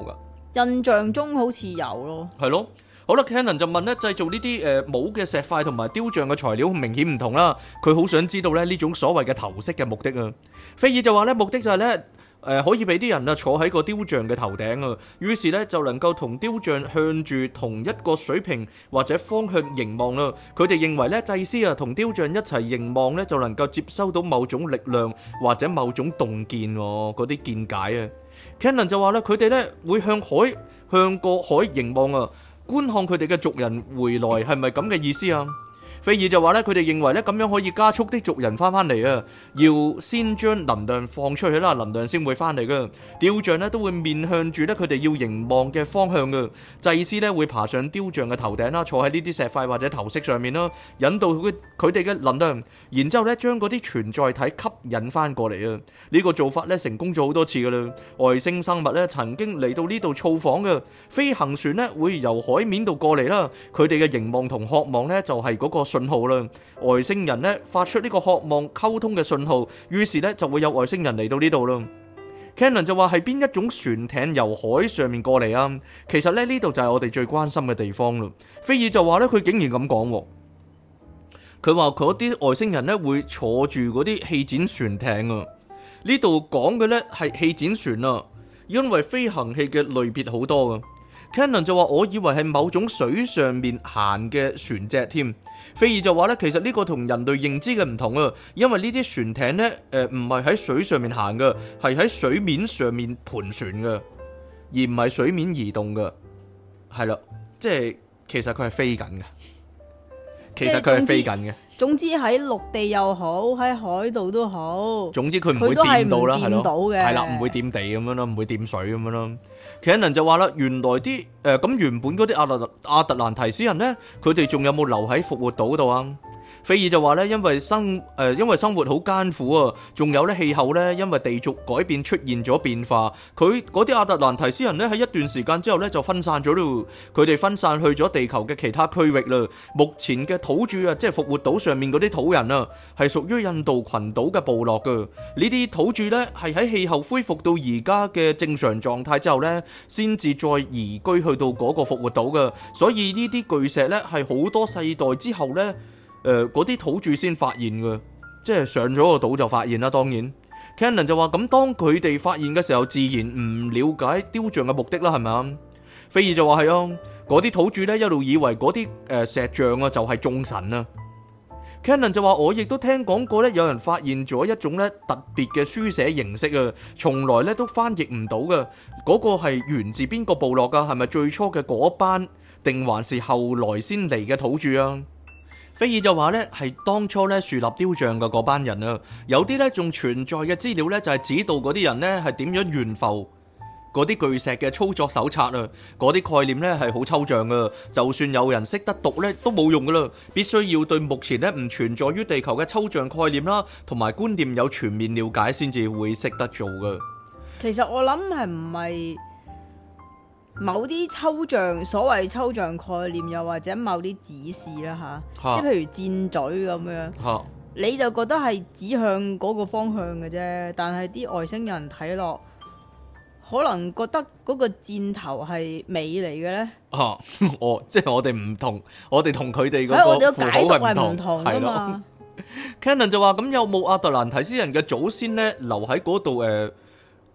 㗎。印象中好似有咯。係咯，好啦，Canon 就問咧，製造呢啲誒帽嘅石塊同埋雕像嘅材料明顯唔同啦。佢好想知道咧呢種所謂嘅頭飾嘅目的啊。菲爾就話咧，目的就係咧。誒可以俾啲人啊坐喺個雕像嘅頭頂啊，於是咧就能夠同雕像向住同一個水平或者方向凝望啦。佢哋認為咧，祭司啊同雕像一齊凝望咧，就能夠接收到某種力量或者某種洞見嗰啲見解啊。Cannon 就話咧，佢哋咧會向海向個海凝望啊，觀看佢哋嘅族人回來係咪咁嘅意思啊？菲爾就話咧，佢哋認為咧，咁樣可以加速啲族人翻返嚟啊！要先將能量放出去啦，能量先會翻嚟噶。雕像咧都會面向住咧佢哋要凝望嘅方向噶。祭師咧會爬上雕像嘅頭頂啦，坐喺呢啲石塊或者頭飾上面啦，引導佢佢哋嘅能量，然之後咧將嗰啲存在體吸引翻過嚟啊！呢個做法咧成功咗好多次噶啦。外星生物咧曾經嚟到呢度造訪嘅，飛行船咧會由海面度過嚟啦。佢哋嘅凝望同渴望咧就係嗰個信號啦，外星人咧發出呢個渴望溝通嘅信號，於是咧就會有外星人嚟到呢度啦。Cannon 就話，係邊一種船艇由海上面過嚟啊？其實咧呢度就係我哋最關心嘅地方啦。菲爾就話呢，佢竟然咁講，佢話嗰啲外星人咧會坐住嗰啲氣展船艇啊。呢度講嘅呢係氣展船啊，因為飛行器嘅類別好多噶。Kenon 就話：我以為係某種水上面行嘅船隻添。飛兒就話咧：其實呢個同人類認知嘅唔同啊，因為呢啲船艇咧，誒唔係喺水上面行嘅，係喺水面上面盤旋嘅，而唔係水面移動嘅。係啦，即係其實佢係飛緊嘅，其實佢係飛緊嘅。其實總之喺陸地又好，喺海度都好。總之佢唔會掂到啦，係咯。係啦，唔會掂地咁樣咯，唔會掂水咁樣咯。其他人就話啦，原來啲誒咁原本嗰啲亞特亞特蘭提斯人咧，佢哋仲有冇留喺復活島度啊？菲爾就話咧，因為生誒、呃，因為生活好艱苦啊，仲有咧氣候咧，因為地軸改變出現咗變化，佢嗰啲阿特蘭提斯人咧喺一段時間之後咧就分散咗咯，佢哋分散去咗地球嘅其他區域啦。目前嘅土著啊，即係復活島上面嗰啲土人啊，係屬於印度群島嘅部落噶。呢啲土著咧係喺氣候恢復到而家嘅正常狀態之後咧，先至再移居去到嗰個復活島㗎。所以呢啲巨石咧係好多世代之後咧。誒嗰啲土著先發現嘅，即係上咗個島就發現啦。當然，Cannon 就話：咁當佢哋發現嘅時候，自然唔了解雕像嘅目的啦，係咪啊？菲爾就話：係啊，嗰啲土著呢，一路以為嗰啲、呃、石像啊就係眾神啊。Cannon 就話：我亦都聽講過呢，有人發現咗一種呢特別嘅書寫形式啊，從來呢都翻譯唔到嘅。嗰、嗰個係源自邊個部落㗎、啊？係咪最初嘅嗰班定還是後來先嚟嘅土著啊？菲爾就話咧，係當初咧樹立雕像嘅嗰班人啊。有啲咧仲存在嘅資料咧，就係指導嗰啲人咧係點樣懸浮嗰啲巨石嘅操作手冊啊。嗰啲概念咧係好抽象噶，就算有人識得讀咧都冇用噶啦，必須要對目前咧唔存在於地球嘅抽象概念啦，同埋觀念有全面了解先至會識得做噶。其實我諗係唔係。某啲抽象所謂抽象概念，又或者某啲指示啦吓，即、啊、係譬如箭嘴咁樣，你就覺得係指向嗰個方向嘅啫。但係啲外星人睇落，可能覺得嗰個箭頭係尾嚟嘅咧。嚇、啊！哦、即我即係我哋唔同，我哋同佢哋嗰個解讀係唔同㗎嘛。Canon 就話：咁有冇阿特蘭提斯人嘅祖先咧留喺嗰度誒？呃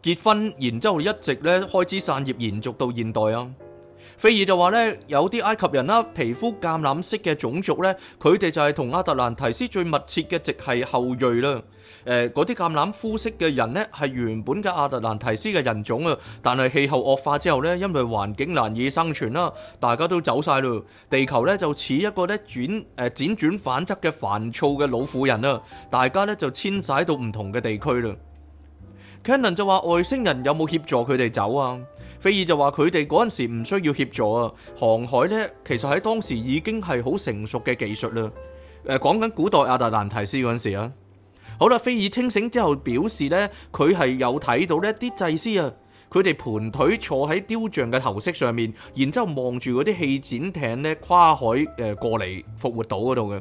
結婚，然之後一直咧開枝散葉，延續到現代啊。菲爾就話咧，有啲埃及人啦，皮膚橄欖色嘅種族咧，佢哋就係同阿特蘭提斯最密切嘅直系後裔啦。誒、呃，嗰啲橄欖膚色嘅人呢，係原本嘅阿特蘭提斯嘅人種啊。但係氣候惡化之後呢，因為環境難以生存啦，大家都走晒啦。地球咧就似一個咧轉誒輾、呃、轉、轉反側嘅煩躁嘅老婦人啦。大家咧就遷徙到唔同嘅地區啦。Cannon 就話外星人有冇協助佢哋走啊？菲爾就話佢哋嗰陣時唔需要協助啊。航海呢，其實喺當時已經係好成熟嘅技術啦。誒，講緊古代亞特蘭提斯嗰陣時啊。好啦，菲爾清醒之後表示呢，佢係有睇到呢啲祭司啊，佢哋盤腿坐喺雕像嘅頭飾上面，然之後望住嗰啲氣展艇呢跨海誒過嚟復活島嗰度嘅。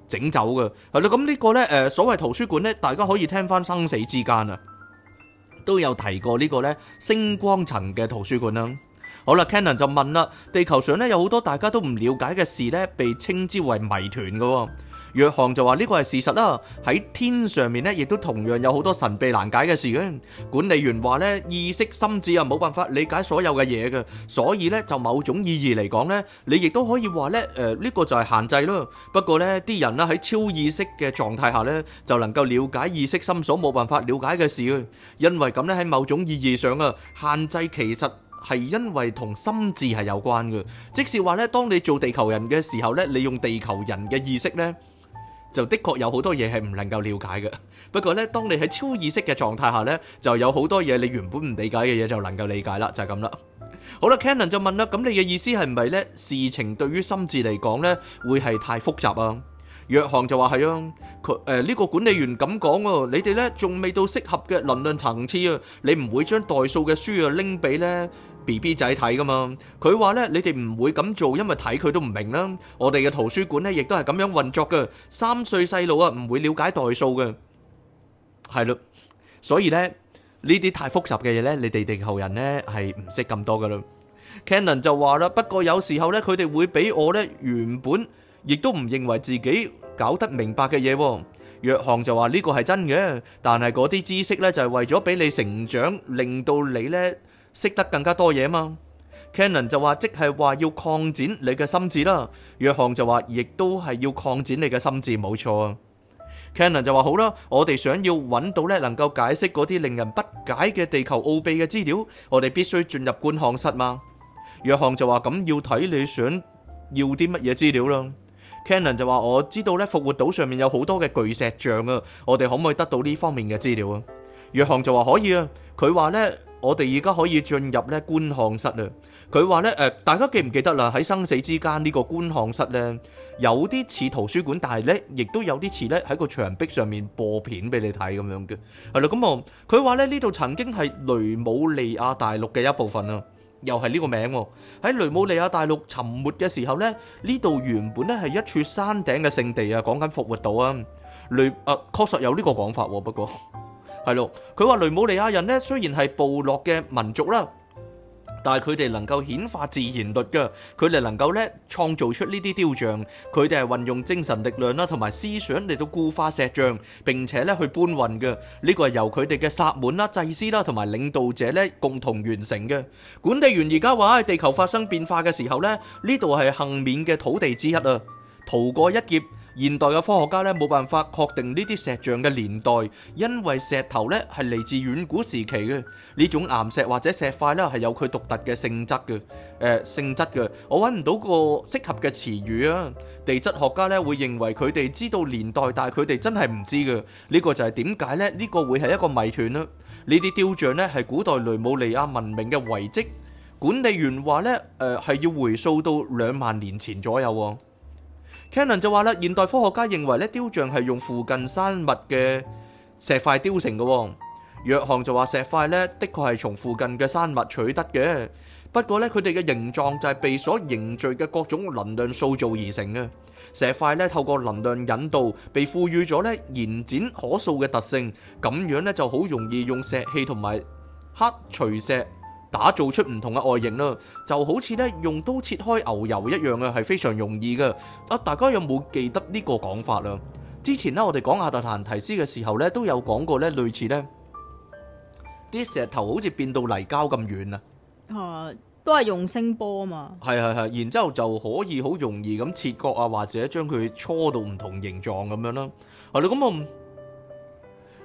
整走嘅係咯，咁、呢、呢個呢所謂圖書館呢，大家可以聽翻生死之間啊，都有提過呢個呢「星光層」嘅圖書館啦。好啦 Cannon 就問啦，地球上呢，有好多大家都唔了解嘅事呢，被稱之為謎團嘅喎。約翰就話呢個係事實啦，喺天上面咧，亦都同樣有好多神秘難解嘅事嘅。管理員話咧，意識心智啊，冇辦法理解所有嘅嘢嘅，所以咧，就某種意義嚟講咧，你亦都可以話咧，誒，呢個就係限制咯。不過咧，啲人啦喺超意識嘅狀態下咧，就能夠了解意識心所冇辦法了解嘅事嘅，因為咁咧，喺某種意義上啊，限制其實係因為同心智係有關嘅，即是話咧，當你做地球人嘅時候咧，你用地球人嘅意識咧。就的確有好多嘢係唔能夠了解嘅。不過呢，當你喺超意識嘅狀態下呢，就有好多嘢你原本唔理解嘅嘢就能夠理解啦，就係咁啦。好啦，Canon 就問啦，咁你嘅意思係唔係呢？事情對於心智嚟講呢，會係太複雜啊？約翰就話係啊，佢呢、呃呢個管理員咁講喎，你哋呢仲未到適合嘅論論層次啊，你唔會將代數嘅書啊拎俾呢。BB 仔睇噶嘛。佢話咧，你哋唔會咁做，因為睇佢都唔明啦。我哋嘅圖書館咧，亦都係咁樣運作噶。三歲細路啊，唔會了解代數嘅，係咯。所以咧，呢啲太複雜嘅嘢咧，你哋地球人咧係唔識咁多噶啦。Cannon 就話啦，不過有時候咧，佢哋會俾我咧，原本亦都唔認為自己搞得明白嘅嘢。約翰就話呢個係真嘅，但係嗰啲知識咧就係為咗俾你成長，令到你咧。識得更加多嘢嘛？Canon 就話，即係話要擴展你嘅心智啦。約翰就話，亦都係要擴展你嘅心智，冇錯。Canon 就話好啦，我哋想要揾到呢，能夠解釋嗰啲令人不解嘅地球奧秘嘅資料，我哋必須進入觀看室嘛。約翰就話，咁要睇你想要啲乜嘢資料啦。Canon 就話，我知道呢，復活島上面有好多嘅巨石像啊，我哋可唔可以得到呢方面嘅資料啊？約翰就話可以啊，佢話呢。我哋而家可以進入咧觀看室啦。佢話咧誒，大家記唔記得啦？喺生死之間呢個觀看室咧，有啲似圖書館，但係咧亦都有啲似咧喺個牆壁上面播片俾你睇咁樣嘅。係啦，咁佢話咧呢度曾經係雷姆利亞大陸嘅一部分啊，又係呢個名喎。喺雷姆利亞大陸沉沒嘅時候呢，呢度原本咧係一處山頂嘅聖地啊，講緊復活島啊，雷啊確實有呢個講法喎，不過。係咯，佢話雷姆利亞人咧雖然係部落嘅民族啦，但係佢哋能夠顯化自然律噶，佢哋能夠咧創造出呢啲雕像，佢哋係運用精神力量啦同埋思想嚟到固化石像，並且咧去搬運嘅，呢個係由佢哋嘅薩滿啦、祭司啦同埋領導者咧共同完成嘅。管理員而家話喺地球發生變化嘅時候咧，呢度係幸免嘅土地之一啊，逃過一劫。現代嘅科學家咧冇辦法確定呢啲石像嘅年代，因為石頭咧係嚟自遠古時期嘅。呢種岩石或者石塊咧係有佢獨特嘅性質嘅，誒、呃、性質嘅，我揾唔到個適合嘅詞語啊！地質學家咧會認為佢哋知道年代，但係佢哋真係唔知嘅，呢、這個就係點解咧？呢、這個會係一個謎團啦！呢啲雕像咧係古代雷姆利亞文明嘅遺跡，管理員話咧，誒、呃、係要回溯到兩萬年前左右。Canon 就話啦，現代科學家認為咧，雕像係用附近山脈嘅石塊雕成嘅。約翰就話石塊咧，的確係從附近嘅山脈取得嘅，不過咧，佢哋嘅形狀就係被所凝聚嘅各種能量塑造而成嘅。石塊咧，透過能量引導，被賦予咗咧延展可塑嘅特性，咁樣咧就好容易用石器同埋黑除石，打造出唔同嘅外形啦，就好似咧用刀切開牛油一樣嘅，係非常容易嘅。啊，大家有冇記得呢個講法？之前咧我哋講亞特蘭提斯嘅時候咧，都有講過咧類似咧啲石頭好似變到泥膠咁軟啊。都係用聲波啊嘛。係係係，然之後就可以好容易咁切割啊，或者將佢搓到唔同形狀咁樣啦。啊，你咁我。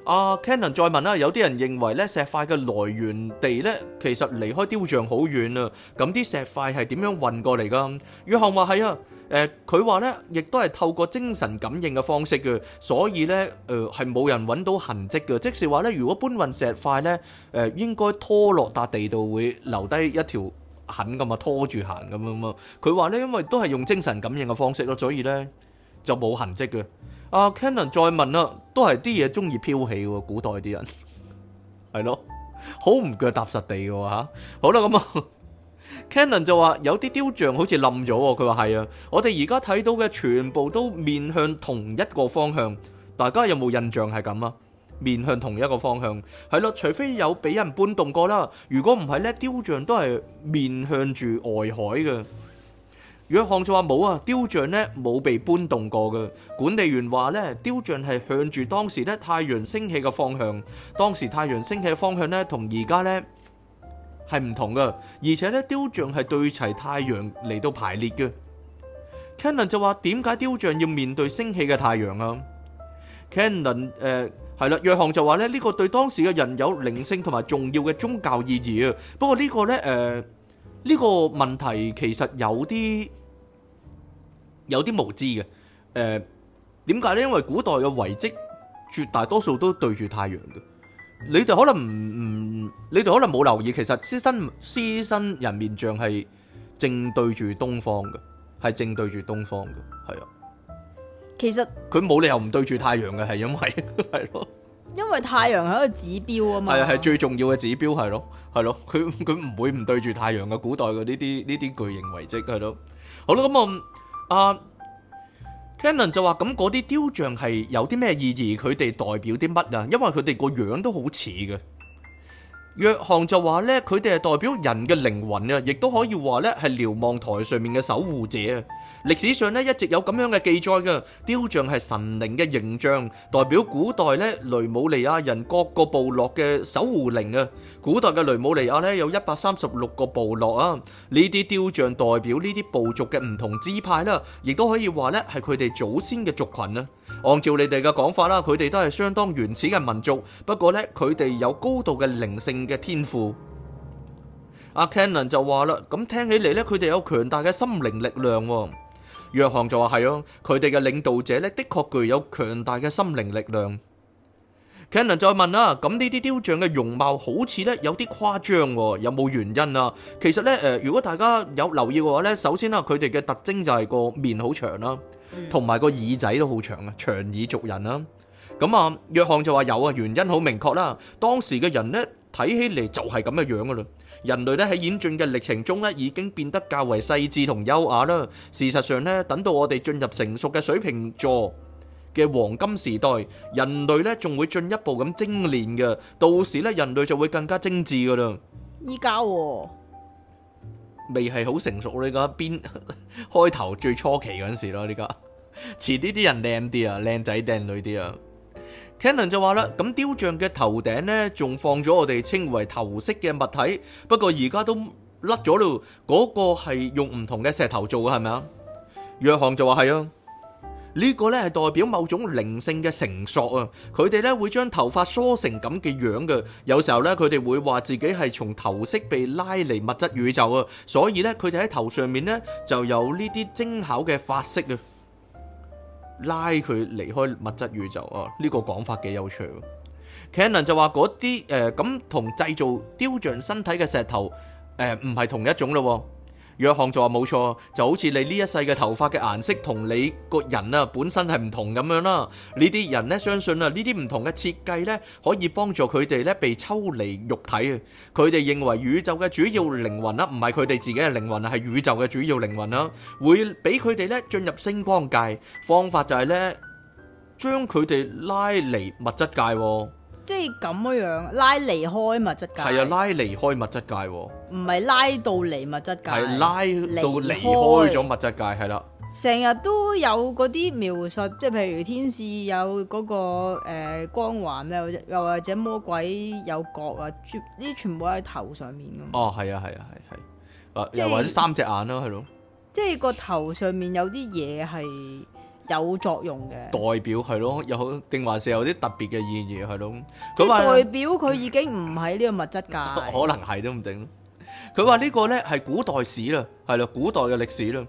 阿、uh, Canon 再問啦，有啲人認為咧石塊嘅來源地咧，其實離開雕像好遠啊。咁啲石塊係點樣運過嚟㗎？約翰話係啊，誒佢話咧，亦都係透過精神感應嘅方式嘅，所以咧，誒係冇人揾到痕跡嘅。即是話咧，如果搬運石塊咧，誒、呃、應該拖落笪地度會留低一條痕噶啊，拖住行咁樣嘛。佢話咧，因為都係用精神感應嘅方式咯，所以咧就冇痕跡嘅。阿、uh, Canon 再問啦，都係啲嘢中意飄起喎，古代啲人係咯，好 *laughs* 唔腳踏實地喎吓，好啦，咁、嗯、啊、嗯、，Canon 就話有啲雕像好似冧咗喎，佢話係啊，我哋而家睇到嘅全部都面向同一個方向，大家有冇印象係咁啊？面向同一個方向，係咯，除非有俾人搬動過啦。如果唔係咧，雕像都係面向住外海嘅。約翰就話冇啊，雕像呢冇被搬動過嘅。管理員話呢，雕像係向住當時呢太陽升起嘅方向。當時太陽升起嘅方向呢，同而家呢係唔同嘅。而且呢，雕像係對齊太陽嚟到排列嘅。Cannon 就話點解雕像要面對升起嘅太陽啊？Cannon 誒係啦，約、呃、翰就話呢，呢個對當時嘅人有靈性同埋重要嘅宗教意義啊。不過呢、呢個呢。誒、呃。呢個問題其實有啲有啲無知嘅，誒點解呢？因為古代嘅遺跡絕大多數都對住太陽嘅，你哋可能唔唔，你哋可能冇留意，其實獅身獅身人面像係正對住東方嘅，係正對住東方嘅，係啊，其實佢冇理由唔對住太陽嘅，係因為係咯。因為太陽係一個指標啊嘛，係，係係最重要嘅指標係咯，係咯，佢佢唔會唔對住太陽嘅，古代嘅呢啲呢啲巨型遺跡係咯。好啦，咁、嗯、啊，阿 Cannon 就話：咁嗰啲雕像係有啲咩意義？佢哋代表啲乜啊？因為佢哋個樣都好似嘅。約翰就話咧，佢哋係代表人嘅靈魂啊，亦都可以話咧係瞭望台上面嘅守護者啊。歷史上咧一直有咁樣嘅記載嘅，雕像係神靈嘅形象，代表古代咧雷姆利亞人各個部落嘅守護靈啊。古代嘅雷姆利亞咧有一百三十六個部落啊，呢啲雕像代表呢啲部族嘅唔同支派啦，亦都可以話咧係佢哋祖先嘅族群啊。按照你哋嘅講法啦，佢哋都係相當原始嘅民族。不過呢，佢哋有高度嘅靈性嘅天賦。阿 Cannon 就話啦，咁聽起嚟呢，佢哋有強大嘅心靈力量。約翰就話係咯，佢哋嘅領導者呢，的確具有強大嘅心靈力量。Ken 能再問啦，咁呢啲雕像嘅容貌好似咧有啲誇張喎，有冇原因啊？其實咧，誒，如果大家有留意嘅話咧，首先啦，佢哋嘅特徵就係個面好長啦，同、嗯、埋個耳仔都好長啊，長耳族人啦。咁啊，約翰就話有啊，原因好明確啦。當時嘅人咧睇起嚟就係咁嘅樣噶啦。人類咧喺演進嘅歷程中咧已經變得較為細緻同優雅啦。事實上咧，等到我哋進入成熟嘅水瓶座嘅黃金時代，人類咧仲會進一步咁精煉嘅，到時咧人類就會更加精緻噶啦。依家未係好成熟咯，呢個邊開頭最初期嗰陣時咯，而家遲啲啲人靚啲啊，靚仔靚女啲啊。Cannon 就話啦，咁雕像嘅頭頂咧，仲放咗我哋稱為頭飾嘅物體，不過而家都甩咗咯。嗰個係用唔同嘅石頭做嘅係咪啊？約翰就話係啊。呢個咧係代表某種靈性嘅繩索啊！佢哋咧會將頭髮梳成咁嘅樣嘅，有時候咧佢哋會話自己係從頭飾被拉嚟物質宇宙啊！所以咧佢哋喺頭上面咧就有呢啲精巧嘅髮飾啊，拉佢離開物質宇宙啊！呢個講法幾有趣啊！Cannon 就話嗰啲誒咁同製造雕像身體嘅石頭誒唔係同一種咯喎。約翰就話冇錯，就好似你呢一世嘅頭髮嘅顏色同你個人啊本身係唔同咁樣啦。呢啲人咧相信啊，呢啲唔同嘅設計呢，可以幫助佢哋咧被抽離肉體啊。佢哋認為宇宙嘅主要靈魂啦，唔係佢哋自己嘅靈魂啊，係宇宙嘅主要靈魂啦，會俾佢哋咧進入星光界。方法就係咧將佢哋拉離物質界。即係咁樣拉離開物質界，係啊！拉離開物質界、哦，唔係拉到離物質界，係、啊、拉到離開咗物質界，係啦。成日都有嗰啲描述，即係譬如天使有嗰、嗰個、呃、光環咧，又或者魔鬼有角啊，呢啲全部喺頭上面咁。哦，係啊，係啊，係係、啊，誒、啊、又或者三隻眼咯，係咯。即係個、啊、頭上面有啲嘢係。有作用嘅代表係咯，有定還是有啲特別嘅意義係咯。即係代表佢已經唔喺呢個物質界。可能係都唔定。佢話呢個咧係古代史啦，係咯，古代嘅歷史啦。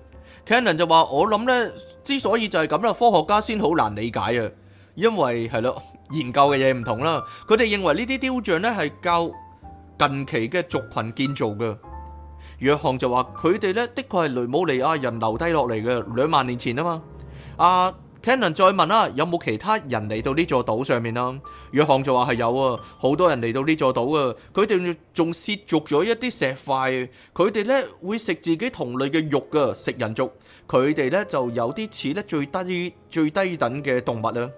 Cannon 就話：我諗咧，之所以就係咁啦，科學家先好難理解啊，因為係咯，研究嘅嘢唔同啦。佢哋認為呢啲雕像咧係較近期嘅族群建造嘅。約翰就話：佢哋咧的確係雷姆尼亞人留低落嚟嘅，兩萬年前啊嘛。啊、uh, Cannon 再問啦，有冇其他人嚟到呢座島上面啊？約翰就話係有啊，好多人嚟到呢座島啊。佢哋仲涉足咗一啲石塊，佢哋咧會食自己同類嘅肉嘅，食人族，佢哋咧就有啲似咧最低最低等嘅動物啊。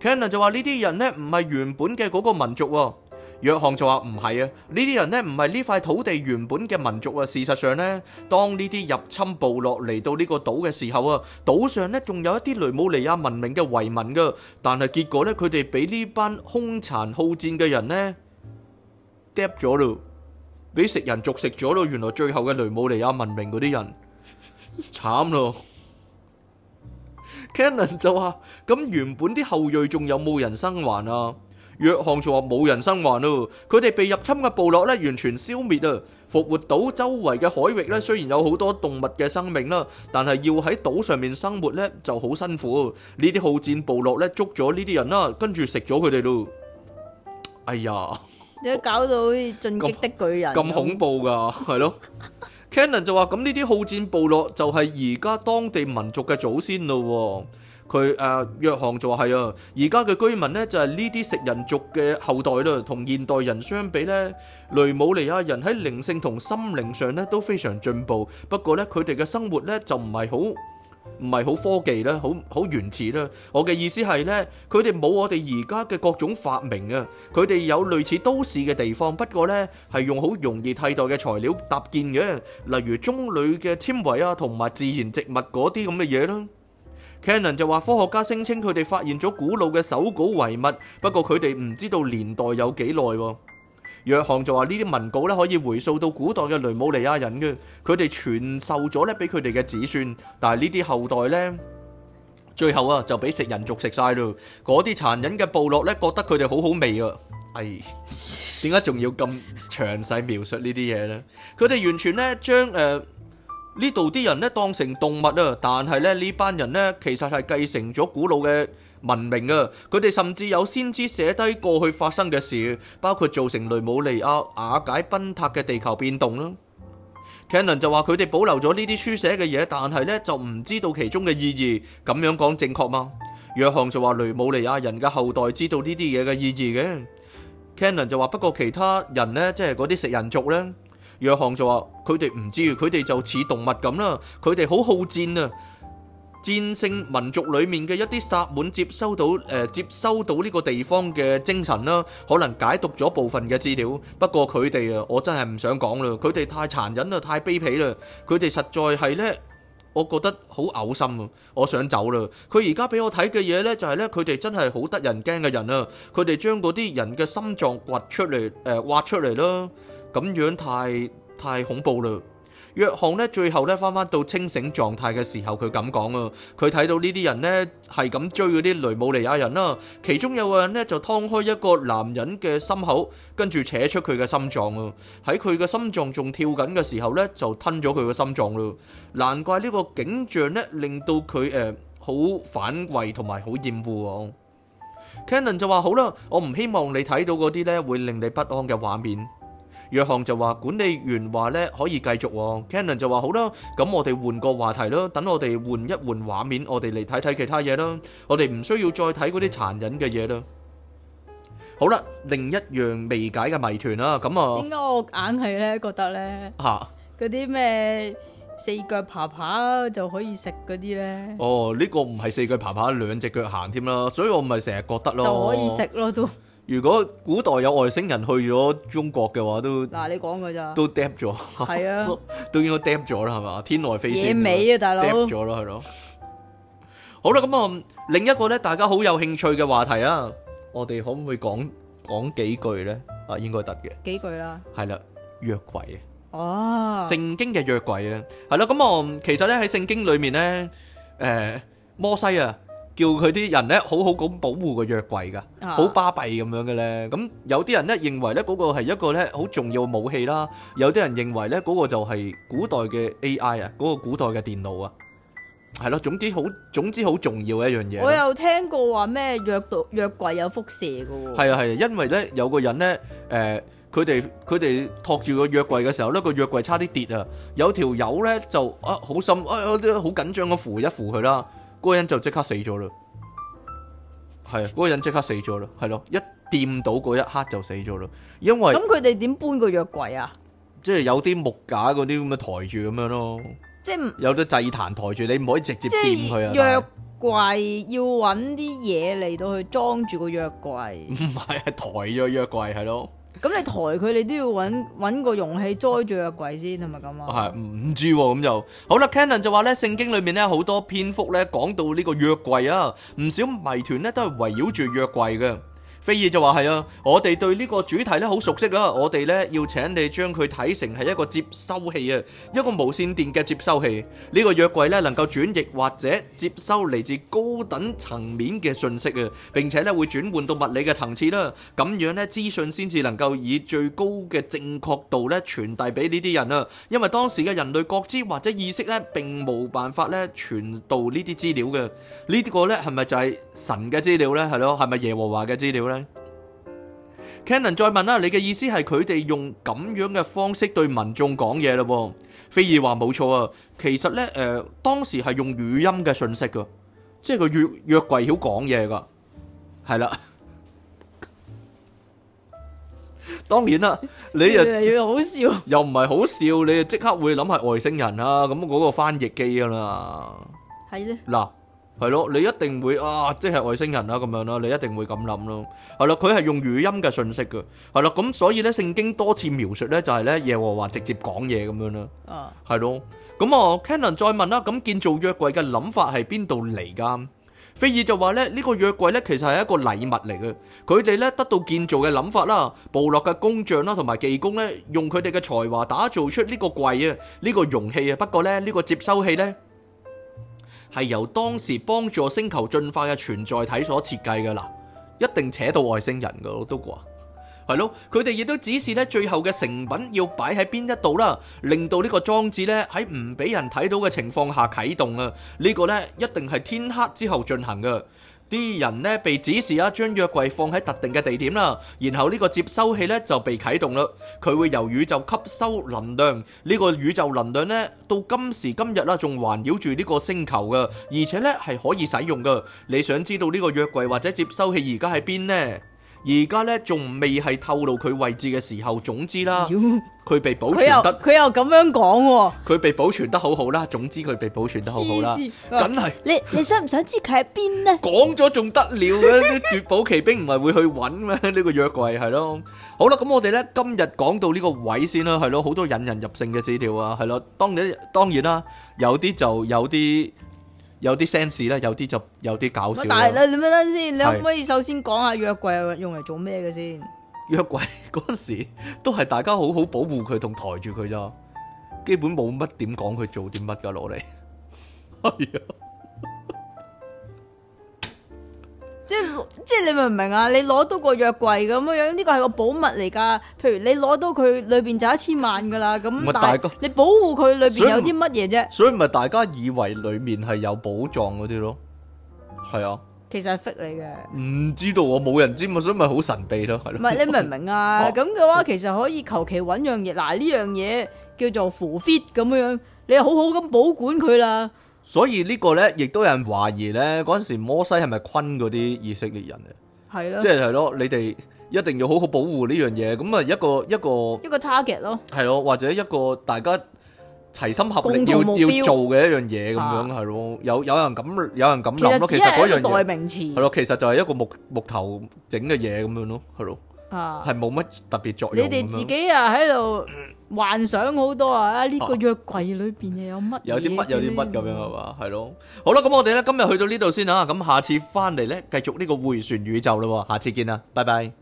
Cannon 就話呢啲人咧唔係原本嘅嗰個民族啊。約翰就話唔係啊，呢啲人咧唔係呢塊土地原本嘅民族啊。事實上咧，當呢啲入侵部落嚟到呢個島嘅時候啊，島上咧仲有一啲雷姆尼亞文明嘅遺民噶，但係結果咧，佢哋俾呢班凶殘好戰嘅人咧，drop 咗咯，俾食人族食咗咯。原來最後嘅雷姆尼亞文明嗰啲人慘咯。Cannon 就話：咁原本啲後裔仲有冇人生還啊？約翰就話冇人生還咯，佢哋被入侵嘅部落咧完全消滅啊！復活島周圍嘅海域咧雖然有好多動物嘅生命啦，但係要喺島上面生活咧就好辛苦。呢啲好戰部落咧捉咗呢啲人啦，跟住食咗佢哋咯。哎呀，你搞到好似進擊的巨人咁恐怖㗎，係咯？Cannon 就話，咁呢啲好戰部落就係而家當地民族嘅祖先咯。佢誒約翰就話係啊，而家嘅居民呢就係呢啲食人族嘅後代啦，同現代人相比呢，雷姆尼亞人喺靈性同心靈上呢都非常進步。不過呢，佢哋嘅生活呢就唔係好唔係好科技啦，好好原始啦。我嘅意思係呢，佢哋冇我哋而家嘅各種發明啊，佢哋有類似都市嘅地方，不過呢係用好容易替代嘅材料搭建嘅，例如棕櫚嘅纖維啊，同埋自然植物嗰啲咁嘅嘢啦。Canon 就話科學家聲稱佢哋發現咗古老嘅手稿遺物，不過佢哋唔知道年代有幾耐。約翰就話呢啲文稿咧可以回溯到古代嘅雷姆尼亞人嘅，佢哋傳授咗咧俾佢哋嘅子孫，但係呢啲後代咧最後啊就俾食人族食晒咯。嗰啲殘忍嘅部落咧覺得佢哋好好味啊！哎，點解仲要咁詳細描述呢啲嘢咧？佢哋完全咧將誒。呢度啲人呢，當成動物啊，但係咧呢班人呢，其實係繼承咗古老嘅文明啊！佢哋甚至有先知寫低過去發生嘅事，包括造成雷姆尼亞瓦解、崩塌嘅地球變動啦。Cannon 就話佢哋保留咗呢啲書寫嘅嘢，但係呢就唔知道其中嘅意義。咁樣講正確嗎？約翰就話雷姆尼亞人嘅後代知道呢啲嘢嘅意義嘅。Cannon 就話不過其他人呢，即係嗰啲食人族呢。約翰就話：佢哋唔知，佢哋就似動物咁啦。佢哋好好戰啊！戰勝民族裏面嘅一啲薩滿接收到誒，接收到呢個地方嘅精神啦，可能解讀咗部分嘅資料。不過佢哋啊，我真係唔想講啦，佢哋太殘忍啦，太卑鄙啦，佢哋實在係咧，我覺得好嘔心啊！我想走啦。佢而家俾我睇嘅嘢咧，就係咧，佢哋真係好得人驚嘅人啊！佢哋將嗰啲人嘅心臟掘出嚟，誒挖出嚟囉。咁樣太太恐怖啦！約翰咧，最後咧翻翻到清醒狀態嘅時候，佢咁講啊，佢睇到呢啲人咧係咁追嗰啲雷姆尼亞人啦，其中有個人咧就劏開一個男人嘅心口，跟住扯出佢嘅心臟啊。喺佢嘅心臟仲跳緊嘅時候咧，就吞咗佢嘅心臟咯。難怪呢個景象咧，令到佢誒好反胃同埋好厭惡。Cannon 就話：好啦，我唔希望你睇到嗰啲咧會令你不安嘅畫面。約翰就話，管理員話咧可以繼續。Canon 就話好啦，咁我哋換個話題咯，等我哋換一換畫面，我哋嚟睇睇其他嘢咯。我哋唔需要再睇嗰啲殘忍嘅嘢咯。好啦，另一樣未解嘅謎團啦，咁啊，點解我硬係咧覺得咧吓嗰啲咩四腳爬爬就可以食嗰啲咧？哦，呢個唔係四腳爬爬，兩隻腳行添啦，所以我咪成日覺得咯，就可以食咯都。如果古代有外星人去咗中國嘅話，都嗱你講佢咋，都 dep 咗。係啊， *laughs* 都應該 dep 咗啦，係嘛，天外飛仙，野尾啊大佬 dep 咗咯，係咯。好啦，咁啊，另一個咧，大家好有興趣嘅話題啊，我哋可唔可以講講幾句咧？啊，應該得嘅，幾句啦，係啦，約櫃啊，哦，聖經嘅約櫃啊，係啦，咁啊，其實咧喺聖經裏面咧，誒、呃，摩西啊。叫佢啲人咧，好好咁保護個約櫃噶，好巴閉咁樣嘅咧。咁有啲人咧，認為咧，嗰個係一個咧好重要嘅武器啦。有啲人認為咧，嗰個就係古代嘅 AI 啊，嗰個古代嘅電腦啊，係咯。總之好，總之好重要嘅一樣嘢。我有聽過話咩約度約櫃有輻射嘅喎。係啊係啊，因為咧有個人咧，誒、呃，佢哋佢哋托住個約櫃嘅時候咧，個約櫃差啲跌啊。有條友咧就啊好心啊，好緊張咁扶一扶佢啦。嗰個人就即刻死咗啦，係啊，嗰個人即刻死咗啦，係咯，一掂到嗰一刻就死咗啦，因為咁佢哋點搬個約櫃啊？即係有啲木架嗰啲咁嘅抬住咁樣咯，即係有啲祭壇抬住，你唔可以直接掂佢啊？約櫃要揾啲嘢嚟到去裝住個約櫃，唔係係抬咗約櫃係咯。咁你抬佢，你都要揾揾個容器載住約櫃先，係咪咁啊？係唔知喎、啊，咁就好啦。Canon 就話咧，聖經裏面咧好多篇幅咧講到呢個約櫃啊，唔少謎團咧都係圍繞住約櫃嘅。菲爾就話係啊，我哋對呢個主題咧好熟悉啦。我哋咧要請你將佢睇成係一個接收器啊，一個無線電嘅接收器。呢、這個約櫃咧能夠轉譯或者接收嚟自高等層面嘅信息啊，並且咧會轉換到物理嘅層次啦。咁樣咧資訊先至能夠以最高嘅正確度咧傳遞俾呢啲人啊。因為當時嘅人類覺知或者意識咧並冇辦法咧傳導呢啲資料嘅。呢、這、啲個咧係咪就係神嘅資料咧？係咯，係咪耶和華嘅資料咧？Canon 再問啦，你嘅意思係佢哋用咁樣嘅方式對民眾講嘢咯？菲爾話冇錯啊，其實咧，誒、呃，當時係用語音嘅訊息噶，即係個約約櫃曉講嘢噶，係啦。 *laughs* 當然年啦， *laughs* 你就 *laughs* 又又好笑，又唔係好笑，你即刻會諗係外星人啊，咁嗰個翻譯機噶啦，係嗱。係咯，你一定會啊，即係外星人啦，咁樣啦，你一定會咁諗咯。係啦，佢係用語音嘅信息嘅，係啦，咁所以咧，聖經多次描述咧，就係咧，耶和華直接講嘢咁樣啦。啊，係咯，咁、嗯、啊，Canon 再問啦，咁建造約櫃嘅諗法係邊度嚟？噶？菲爾就話咧，呢個約櫃咧，其實係一個禮物嚟嘅，佢哋咧得到建造嘅諗法啦，部落嘅工匠啦，同埋技工咧，用佢哋嘅才華打造出呢個櫃啊，呢個容器啊，不過咧，呢個接收器咧。係由當時幫助星球進化嘅存在體所設計嘅喇，一定扯到外星人嘅囉，都啩，係咯，佢哋亦都指示咧，最後嘅成品要擺喺邊一度啦，令到呢個裝置咧喺唔俾人睇到嘅情況下啟動啊！呢個咧一定係天黑之後進行嘅。啲人呢被指示啊，將約櫃放喺特定嘅地點啦，然後呢個接收器呢就被啟動啦，佢會由宇宙吸收能量，呢、呢個宇宙能量呢到今時今日啦仲環繞住呢個星球㗎，而且呢係可以使用㗎。你想知道呢個約櫃或者接收器而家喺邊呢？而家咧仲未係透露佢位置嘅時候，總之啦，佢被保存得，佢又咁樣講佢、啊、被保存得好好啦，總之佢被保存得好好啦，梗係，你你想唔想知佢喺邊呢？講咗仲得了，呢，奪寶奇兵唔係會去揾咩？呢、這個約櫃係咯，好啦，咁我哋呢，今日講到呢個位先啦，係咯，好多引人入勝嘅資料，啊，係咯，當然當然啦，有啲就有啲。有啲 sense 啦，有啲就有啲搞笑。但係你你乜先，你可唔可以首先講下約櫃用嚟做咩嘅先？約櫃嗰陣時都係大家好好保護佢同抬住佢咋，基本冇乜點講佢做啲乜㗎攞嚟。 *laughs* 即係即係你明唔明啊？你攞到個約櫃咁樣樣，呢個係個寶物嚟噶。譬如你攞到佢裏邊就一千萬噶啦，咁但係你保護佢裏邊有啲乜嘢啫？所以咪大家以為裏面係有寶藏嗰啲咯，係啊。其實 fit 嚟嘅，唔知道我冇人知嘛，所以咪好神秘咯，係咯、啊。唔係你明唔明啊？咁 *laughs* 嘅話其實可以求其揾樣嘢，嗱，呢樣嘢叫做 fit 咁樣樣，你好好咁保管佢啦。所以呢個咧，亦都有人懷疑咧，嗰陣時摩西係咪坤嗰啲以色列人咧？係咯、嗯，即係係咯，你哋一定要好好保護呢樣嘢。咁啊，一個一個一個 target 咯，係咯，或者一個大家齊心合力要要做嘅一樣嘢咁樣，係咯、啊。有有人咁，有人咁諗咯。其實嗰樣代名詞係咯，其實就係一個木木頭整嘅嘢咁樣咯，係咯。啊，係冇乜特別作用。你哋自己啊喺度。嗯幻想好多啊！這個、藥裡面呢個約櫃裏邊又有乜？有啲乜有啲乜咁樣係嘛？係咯。好啦，咁我哋咧今日去到呢度先啊。咁下次翻嚟咧，繼續呢個迴旋宇宙啦。下次見啦，拜拜。